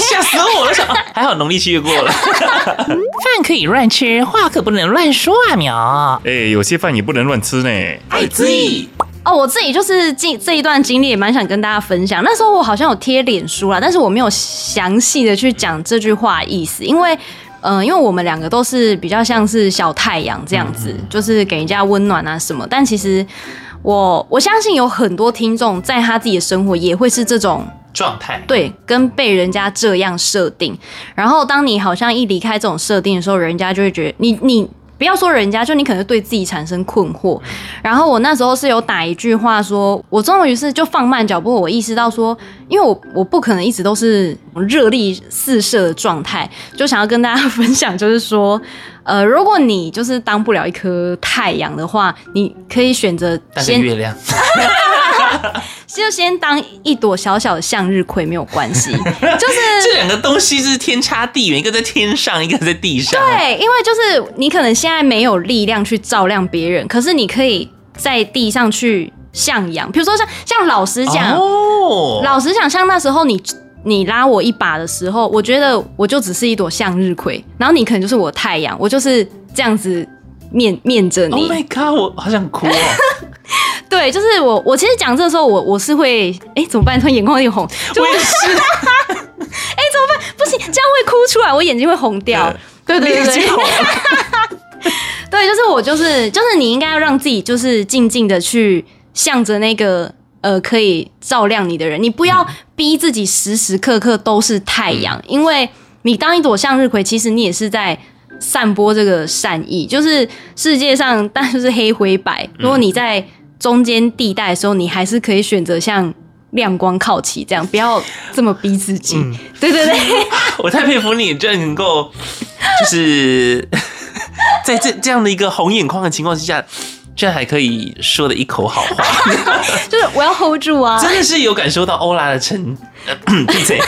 嚇、哦、死我了、 啊！還好農曆七月過了。飯 可以亂吃，話可不能亂說啊，苗。哎、欸，有些飯也不能亂吃呢。愛自己，哦，我自己就是經這，這一段經歷也蠻想跟大家分享。那時候我好像有貼臉書了，但是我沒有詳細的去講這句話意思，因為。嗯、呃，因為我們兩個都是比較像是小太陽這樣子嗯嗯，就是給人家溫暖啊什麼。但其實我我相信有很多聽眾在他自己的生活也會是這種狀態，對，跟被人家這樣設定。然後當你好像一離開這種設定的時候，人家就會覺得你你。不要說人家，就你可能對自己產生困惑。然後我那時候是有打一句話說，說我終於是就放慢腳步，我意識到說，因為我我不可能一直都是熱力四射的狀態，就想要跟大家分享，就是說，呃，如果你就是當不了一顆太陽的話，你可以選擇先但是月亮。 就先當一朵小小的向日葵，沒有關係，就是 這兩個東西是天差地遠，一個在天上，一個在地上。對，因為就是你可能現在沒有力量去照亮別人，可是你可以在地上去向陽。比如說像，像老實講，oh. 老實講，像那時候你你拉我一把的時候，我覺得我就只是一朵向日葵，然後你可能就是我的太陽，我就是這樣子面面着你。Oh my god，我好想哭。 對，就是我，我其實講這個時候，我我是會哎、欸、怎麼辦？突然眼眶又紅就會，我也是。哎、 欸、怎麼辦？不行，這樣會哭出來，我眼睛會紅掉。對對對對。 對，就是我，就是就是你應該要讓自己就是靜靜的去向着那個呃可以照亮你的人，你不要逼自己時時刻刻都是太陽，嗯，因為你當一朵向日葵，其實你也是在散播這個善意。就是世界上但就是黑灰白，如果你在，中間地帶的時候，你還是可以選擇像亮光靠齊這樣，不要這麼逼自己。嗯、對對對，我太佩服你，你居然能夠 就是在這這樣的一個紅眼眶的情況之下，居然還可以說的一口好話。 就是我要 hold 住啊！真的是有感受到歐拉的成，閉嘴！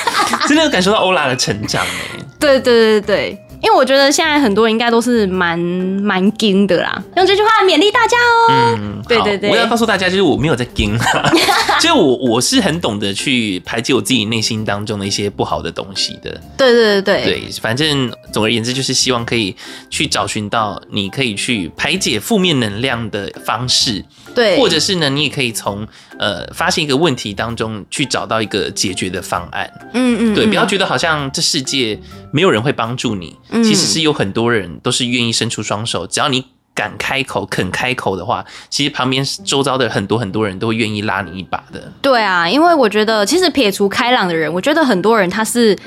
真的有感受到歐拉的成長哎、欸。對對對對對。因為我覺得現在很多人應該都是蠻蠻驚的啦，用這句話勉勵大家哦。嗯，對對對，我要告訴大家，就是我沒有在驚， 就我我是很懂得去排解我自己內心當中的一些不好的東西的。對對對對，對，反正總而言之，就是希望可以去找尋到你可以去排解負面能量的方式。對，或者是呢，你也可以從呃發現一個問題當中去找到一個解決的方案。嗯嗯，對，嗯，不要覺得好像這世界沒有人會幫助你，嗯，其實是有很多人都是願意伸出雙手，只要你敢開口、肯開口的話，其實旁邊周遭的很多很多人都會願意拉你一把的。對啊，因為我覺得其實撇除開朗的人，我覺得很多人他是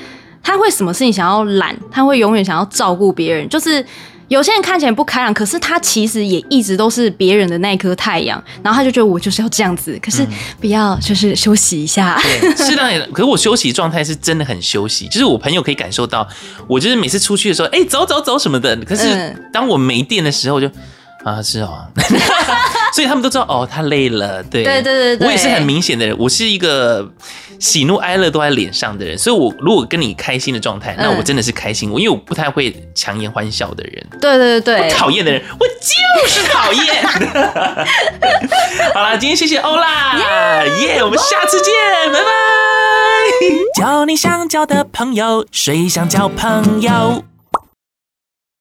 他會什麼事情想要懶，他會永遠想要照顧別人，就是。有些人看起來不開朗，可是他其實也一直都是別人的那顆太陽，然後他就覺得我就是要這樣子，可是不要就是休息一下，對、嗯， 是這樣。可我休息狀態是真的很休息，就是我朋友可以感受到，我就是每次出去的時候，哎、欸，走走走什麼的。可是當我沒電的時候，就。嗯啊，是哦 所以他們都知道哦，他累了。對對對對對，我也是很明顯的人，我是一個喜怒哀樂都在臉上的人。所以，我如果跟你開心的狀態，那我真的是開心。我、嗯、因為我不太會強顏歡笑的人。對對對對，我討厭的人，我就是討厭。 好啦，今天謝謝歐啦。耶、yeah, yeah，我們下次見，Bye、拜拜。交你想交的朋友，誰想交朋友？